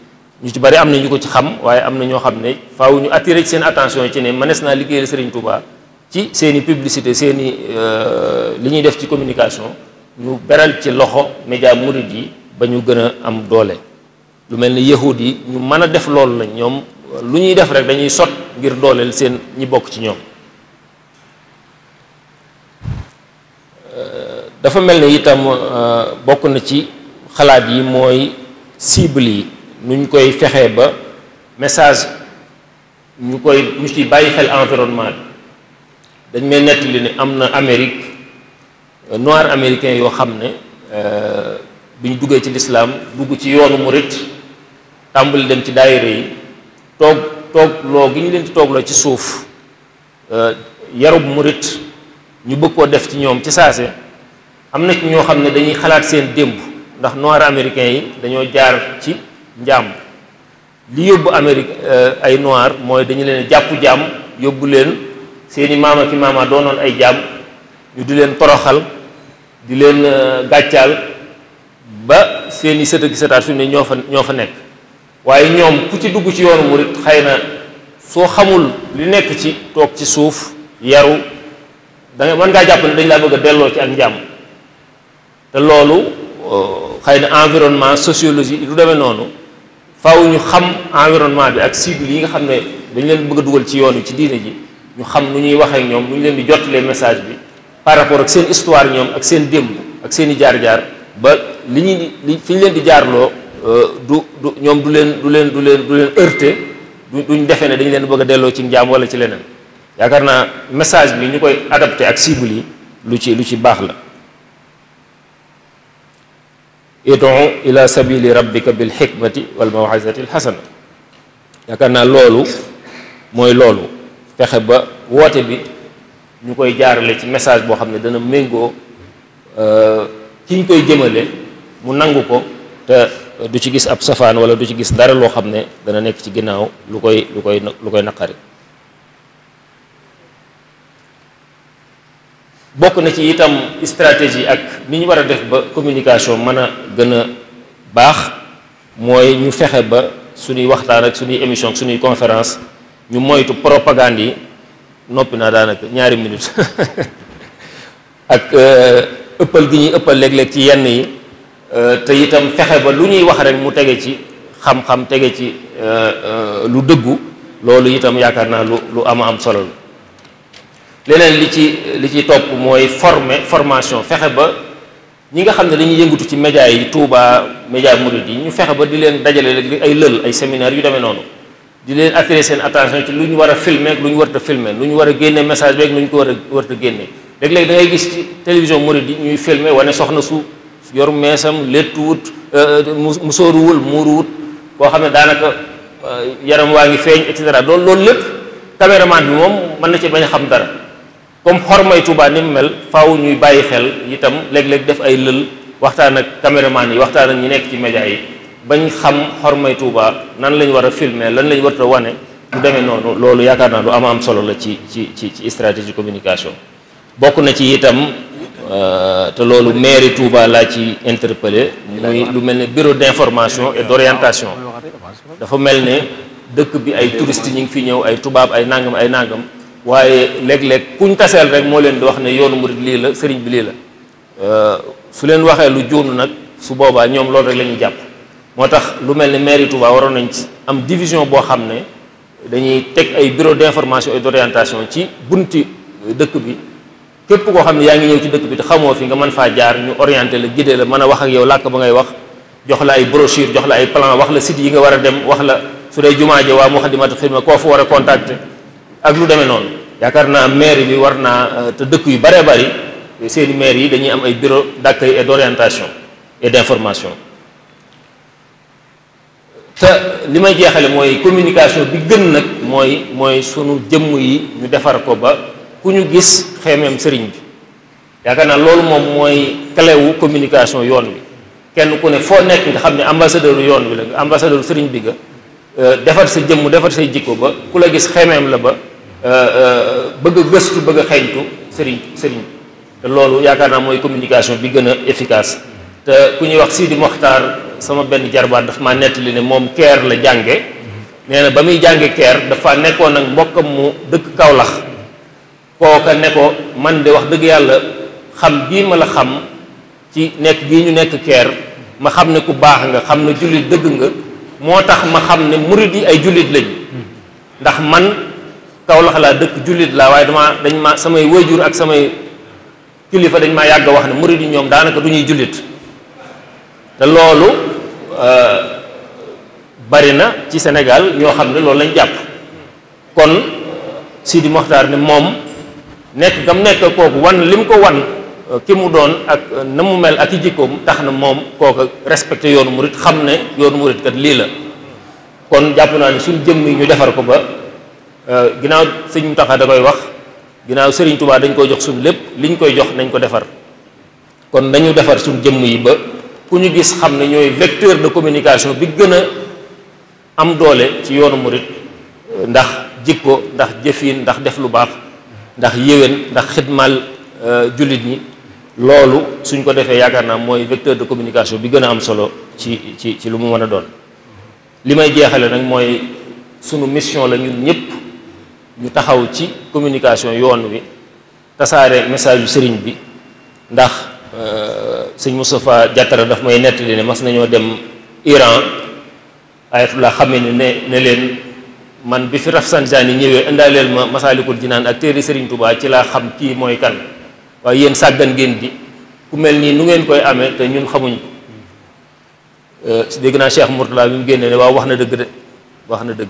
ñu ci bari am na ñu ko ci xam waaye am na ñoo xam ne faaw ñu attirer seen attention ci ne mënees naa liggéeyal Serigne Touba ci seen i publicité seen i euh, li ñuy def ci communication ñu beral ci loxo média murid yi ba ñu gën a am doole. lu mel ni yahud yi ñu mën a def loolu la ñoom ngir dooleel seen ñi bokk ci ñoom euh, dafa mel ne itam euh, bokk na ci xalaat yi mooy cible yi nuñ koy fexee ba message ñu koy ñu ci bàyyi xel environnement bi dañ may nettali ne am na Amérique euh, noir américain yoo xam ne bi ñu duggee ci lislaam dugg ci yoonu murit tàmbali dem ci daayira yi toog toog loo gi ñu leen ci suuf euh, yarub murit ñu bëgg def ci ñoom ci saase am na ñoo xam ne dañuy xalaat seen démb ndax noir américain yi dañoo jaar ci njaam li yóbbu Amérique euh, ay noir mooy dañu leen jàpp jaam yóbbu leen seeni maama ki maama doonoon ay jaam di leen toroxal di leen euh, gàccaal ba seeni sët ak sëtaat fi ne ñoo fa ñoo fa nekk waaye ñoom ku ci dugg ci yoonu murit xëy na soo xamul li nekk ci toog ci suuf yaru da nga mën ngaa jàpp ne dañ laa bëgg a delloo ci ak njàmm te loolu euh, xëy na environnement sociologie lu demee noonu faaw ñu xam environnement bi ak cible yi nga xam ne dañ leen bëgg dugal ci yoon wi ci diine ji ñu xam nu ñuy waxee ak ñoom nu ñu leen di jottalee message bi par rapport ak seen histoire ñoom ak seen démb ak seeni jaar-jaar ba li ñuy fi ñu leen di jaarloo Euh, du du ñoom du leen du leen du leen du leen heurté duñ defee ne dañu leen bëgg a delloo ci njaam wala ci leneen yaakaar naa message bi ñu koy adapté ak cible yi lu ci lu ci baax la idu ila sabili rabbika bil xikmati wal mawxisati l xasana yaakaar naa loolu mooy loolu fexe ba woote bi ñu koy jaarale ci message boo xam ne dana méngoo ki euh, ñu koy jëmale mu nangu ko te du ci gis ab safaan wala du ci gis dara loo xam ne dana nekk ci ginnaaw lu koy lu koy lu koy naqari bokk na ci itam stratégie ak ni ñu war a def ba communication mën a gën a baax mooy ñu fexe ba suñuy waxtaan ak suñuy émission suñuy conférence ñu moytu propagande yi noppi naa daanaka ñaari minute ak euh, ëppal gi ñuy ëppal léeg-léeg ci yenn yi te itam fexe ba lu ñuy wax rek mu tege ci xam-xam tege ci euh, euh, lu dëggu loolu itam yaakaar naa lu lu ama am solo la leneen li ci li ci topp mooy forme formation fexe ba ñi nga xam ne dañuy yëngatu ci média yi Touba média murid yi ñu fexe ba di leen dajale rek ay lël ay séminaire yu demee noonu di leen attirer seen attention ci lu ñu war a filmer lu ñu war a lu ñu war a génne message beeg lu ñu ko war a war a génne léeg-léeg da gis ci télévision soxna su yor meesam léttuwut euh, musóoruwul muuruwut koo xam ne daanaka euh, yaram waa ngi feeñ et cetera loolu loolu lépp caméraman bi moom mën na ci bañ a xam dara comme xormay Tuubaa ni mu mel faw ñuy bàyyi xel itam léeg-léeg def ay lël waxtaan ak caméraman yi waxtaan ak ñu nekk ci média yi bañ xam xormay Tuubaa nan lañu war a filmer lan lañ war a wane mu demee noonu loolu yaakaar naa lu am am solo la ci ci ci ci stratégie communication bokk na ci itam Euh, te loolu mairie Touba laa ci interpellé muy lu mel ne bureau d'information et d'orientation dafa mel ne dëkk bi ay touristes ñu ngi fi ñëw ay tubaab ay nangam ay nangam waaye léeg-léeg kuñ taseel rek moo leen di wax ne yoonu murid lii la sëriñ bi lii la euh, su leen waxee lu juunu nag su boobaa ñoom loolu rek la ñuy jàpp moo tax lu mel ne mairie Touba waroon nañ ci am division boo xam ne dañuy teg ay bureau d'information et d'orientation ci bunti dëkk bi képp koo xam ne yaa ngi ñëw ci dëkk bi te xamoo fi nga mën faa jaar ñu orienté la guidé la mën a wax ak yow làkk ba ngay wax jox la ay brochure jox la ay plan wax la site yi nga war a dem wax la su dee jumaa ja waa Moukhaddamatoul Khidma koo fu war a contacter ak lu demee noonu yaakaar naa maire bi war naa euh, te dëkk yu baree bari seeni i yi dañuy am ay bureau d'accueil et d'orientation et d'information te li may jeexale mooy communication bi gën nag mooy mooy sunu jëmm yi ñu defar ko ba ku ñu gis xeemeem sëriñ bi yaakaar naa loolu moom mooy clé wu communication yoon wi kenn ku ne foo nekk nga xam ne ambassadeur yoon wi la nga ambassadeur sëriñ bi nga euh, defar sa jëmm defar sa jikko ba ku la gis xeemeem la ba euh, euh, bëgg a gëstu bëgg a xeeñtu sëriñ sëriñ te loolu yaakaar naa mooy communication bi gën a efficace te ku ñuy wax Sidi Mokhtar sama benn jarbaat daf maa nettali ne moom keer la jànge mm-hmm. nee na ba muy jànge keer dafa nekkoon ak mbokkam mu dëkk Kaolack kooka ne ko man de wax dëgg yàlla xam gii ma la xam ci nekk gii ñu nekk keer ma xam ne ku baax nga xam ne jullit dëgg nga moo tax ma xam ne murid yi ay jullit lañ ndax man Kawlax laa dëkk jullit laa waaye dama dañ ma samay wéjur ak samay kilifa dañ maa yàgg wax ne murid yi ñoom daanaka du ñuy jullit te loolu euh, bari na ci senegal ñoo xam ne loolu lañ jàpp kon Sidi Moxtaar ne moom nekk gam nekk kooku wan li lim ko wan euh, ki mu doon ak euh, na mu mel ak i mu tax na moom kooka respecté yoonu murit xam ne yoonu murit kat lii la kon jàpp naa ne suñ jëmm yi ñu defar ko ba euh, ginnaaw sëñ Mountakha da wax ginnaaw Serigne Touba dañ koy jox suñ lépp liñ koy jox nañ ko defar kon nañu defar suñ jëmm yi ba ku ñu gis xam ne ñooy vecteur de communication bi gën a am doole ci yoonu murit ndax jikko ndax jëfin ndax def lu baax ndax yéwén ndax xidmaal euh, jullit ñi loolu suñ ko defee yaakaar naa mooy vecteur de communication bi gën a am solo ci ci ci lu mu mën a doon li may jeexale nag mooy sunu mission la ñun ñëpp ñu taxaw ci communication yoon wi tasaare message yu sëriñ bi ndax euh, sëñ Moustapha Diatara daf may nettali ne mas nañoo dem Iran ayatullah xamee ne ne leen man bi fi Rafsanjani ñëwee indaaleel ma masaalikul jinaan ak téere Serigne Touba ci laa xam kii mooy kan waaye yéen sàggan ngeen di ku mel nii nu ngeen koy amee te ñun xamuñ ko euh, dégg naa Cheikh Mourtala bi mu génnee ne waaw wax na dëgg de wax na dëgg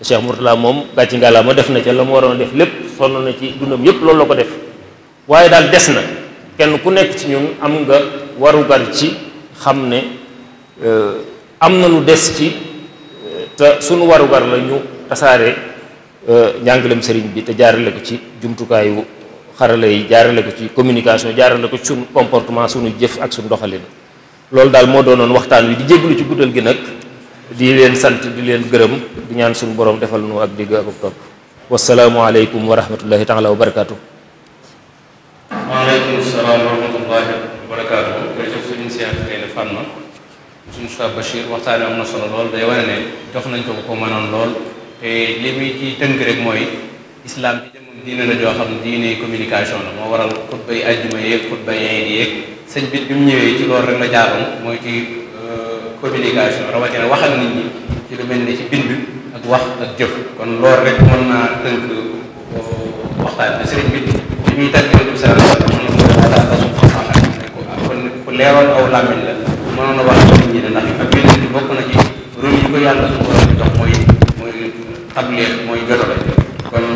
te Cheikh Mourtala moom gàcci ngala ma def na ca la mu waroon a def lépp sonn na ci dundam yépp loolu la ko def waaye daal des na kenn ku nekk ci ñun am nga warugar ci xam ne euh, am na lu des ci euh, te sunu warugar la ñu tasaare euh, njàngalem sëriñ bi te jaarale ko ci jumtukaayu xarala yi jaarale ko ci communication jaarale ko ci sunu comportement sunu jëf ak sunu doxalin loolu daal moo doonoon waxtaan wi di jégalu ci guddal gi nag di leen sant di leen gërëm di ñaan sunu borom defal nu ak digg ak topp wasalaamualeykum wa rahmatullahi taala wa barakaatu. waaleykum salaam wa wa barakaatu. jërëjëf suñu seex am na solo lool day wane ne jox nañ ko ko mënoon lool. li muy ci tënk rek mooy islam bi moom diine la joo xam ne diine communication la moo waral xutba yi àjjuma yeeg xutba yi di yeeg bi bi mu ñëwee ci lool rek la jaaroon mooy ci euh, communication rawatina wax ak na ñi ci lu mel ni ci bind ak wax ak jëf kon loolu rek mën naa waxtaan bi sëriñ bi li leeroon aw làmmiñ la mënoon a wax nit ñi ne ndax ak yeneen bokk na ci rôle yi ko yàlla a borom jox mooy ab liir mooy jotale kon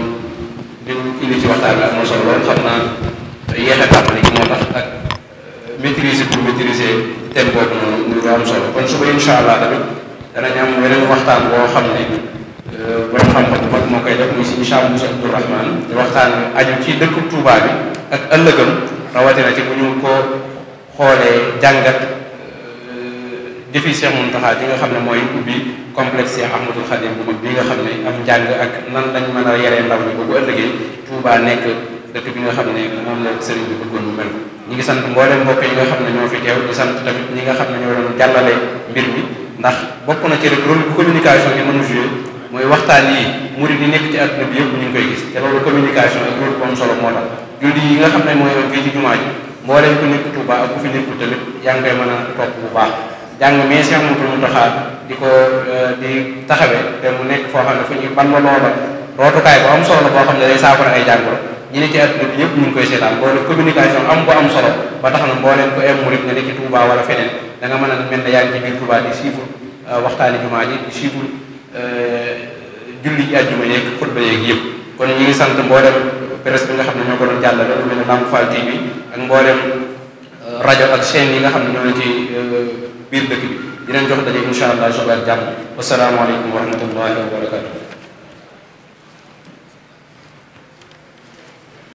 ñun indi ci waxtaan bi am na solo lool xam naa yéex a tàmbali ci moo tax ak euh, maîtriser pour maîtriser thème boobu noonu muy am solo kon suba incha allah tamit danañ am weneen waxtaan boo xam ne euh, borom xam-xam bu mag moo koy def muy si incha allah Moussa Abdourahmane di waxtaan aju ci dëkku Touba bi ak ëllëgam rawatina ci bu ñu ko xoolee jàngat. jëfi Cheikh Mountakha ji nga xam ne mooy ubbi complexe Cheikh Ahmadou Khadim bu bi nga xam ne am njàng ak nan lañ mën a yaree ndaw ñi ba bu ëllëgee Touba nekk dëkk bi nga xam ne moom la sëriñ bi bëggoon mu ngi sant mboolem mbokk yi nga xam ne ñoo fi teew di sant tamit ñi nga xam ne ñoo doon jàllale mbir mi ndax bokk na ci rek rôle bu communication yi mën a joué mooy waxtaan yi murid yi nekk ci àdduna bi yëpp ñu ngi koy gis te loolu communication ak rôle bu am solo moo tax julli yi nga xam ne mooy fii ci jumaa ji mboolem ku nekk Touba ak ku fi bu baax jàng mais Cheikh Mouhamadou Mountakha di ko euh, di taxawee te mu nekk foo xam ne fu ñu ban ba loola rootukaay bu am solo la boo xam ne day saafara ay jàngoro ñi ne adduna bi yëpp ñu ngi koy seetaan boole communication am bu am solo ba tax na mbooleen ko em murit nga ne ci Touba wala feneen da mën a mel ne yaa ngi ci biir Touba di suivre euh, waxtaani jumaa ji di suivre euh, julli ji àjjuma yeeg xutba yeeg yëpp kon ñu sant mbooleem presse bi nga xam ne ñoo ko doon jàllale lu mel ne rajo ak chaîne yi nga xam ne ñoo ngi ci euh, biir dëkk bi di leen jox daje incha allah suba ak jàmm wasalaamaaleykum wa rahmatullahi wa barakatu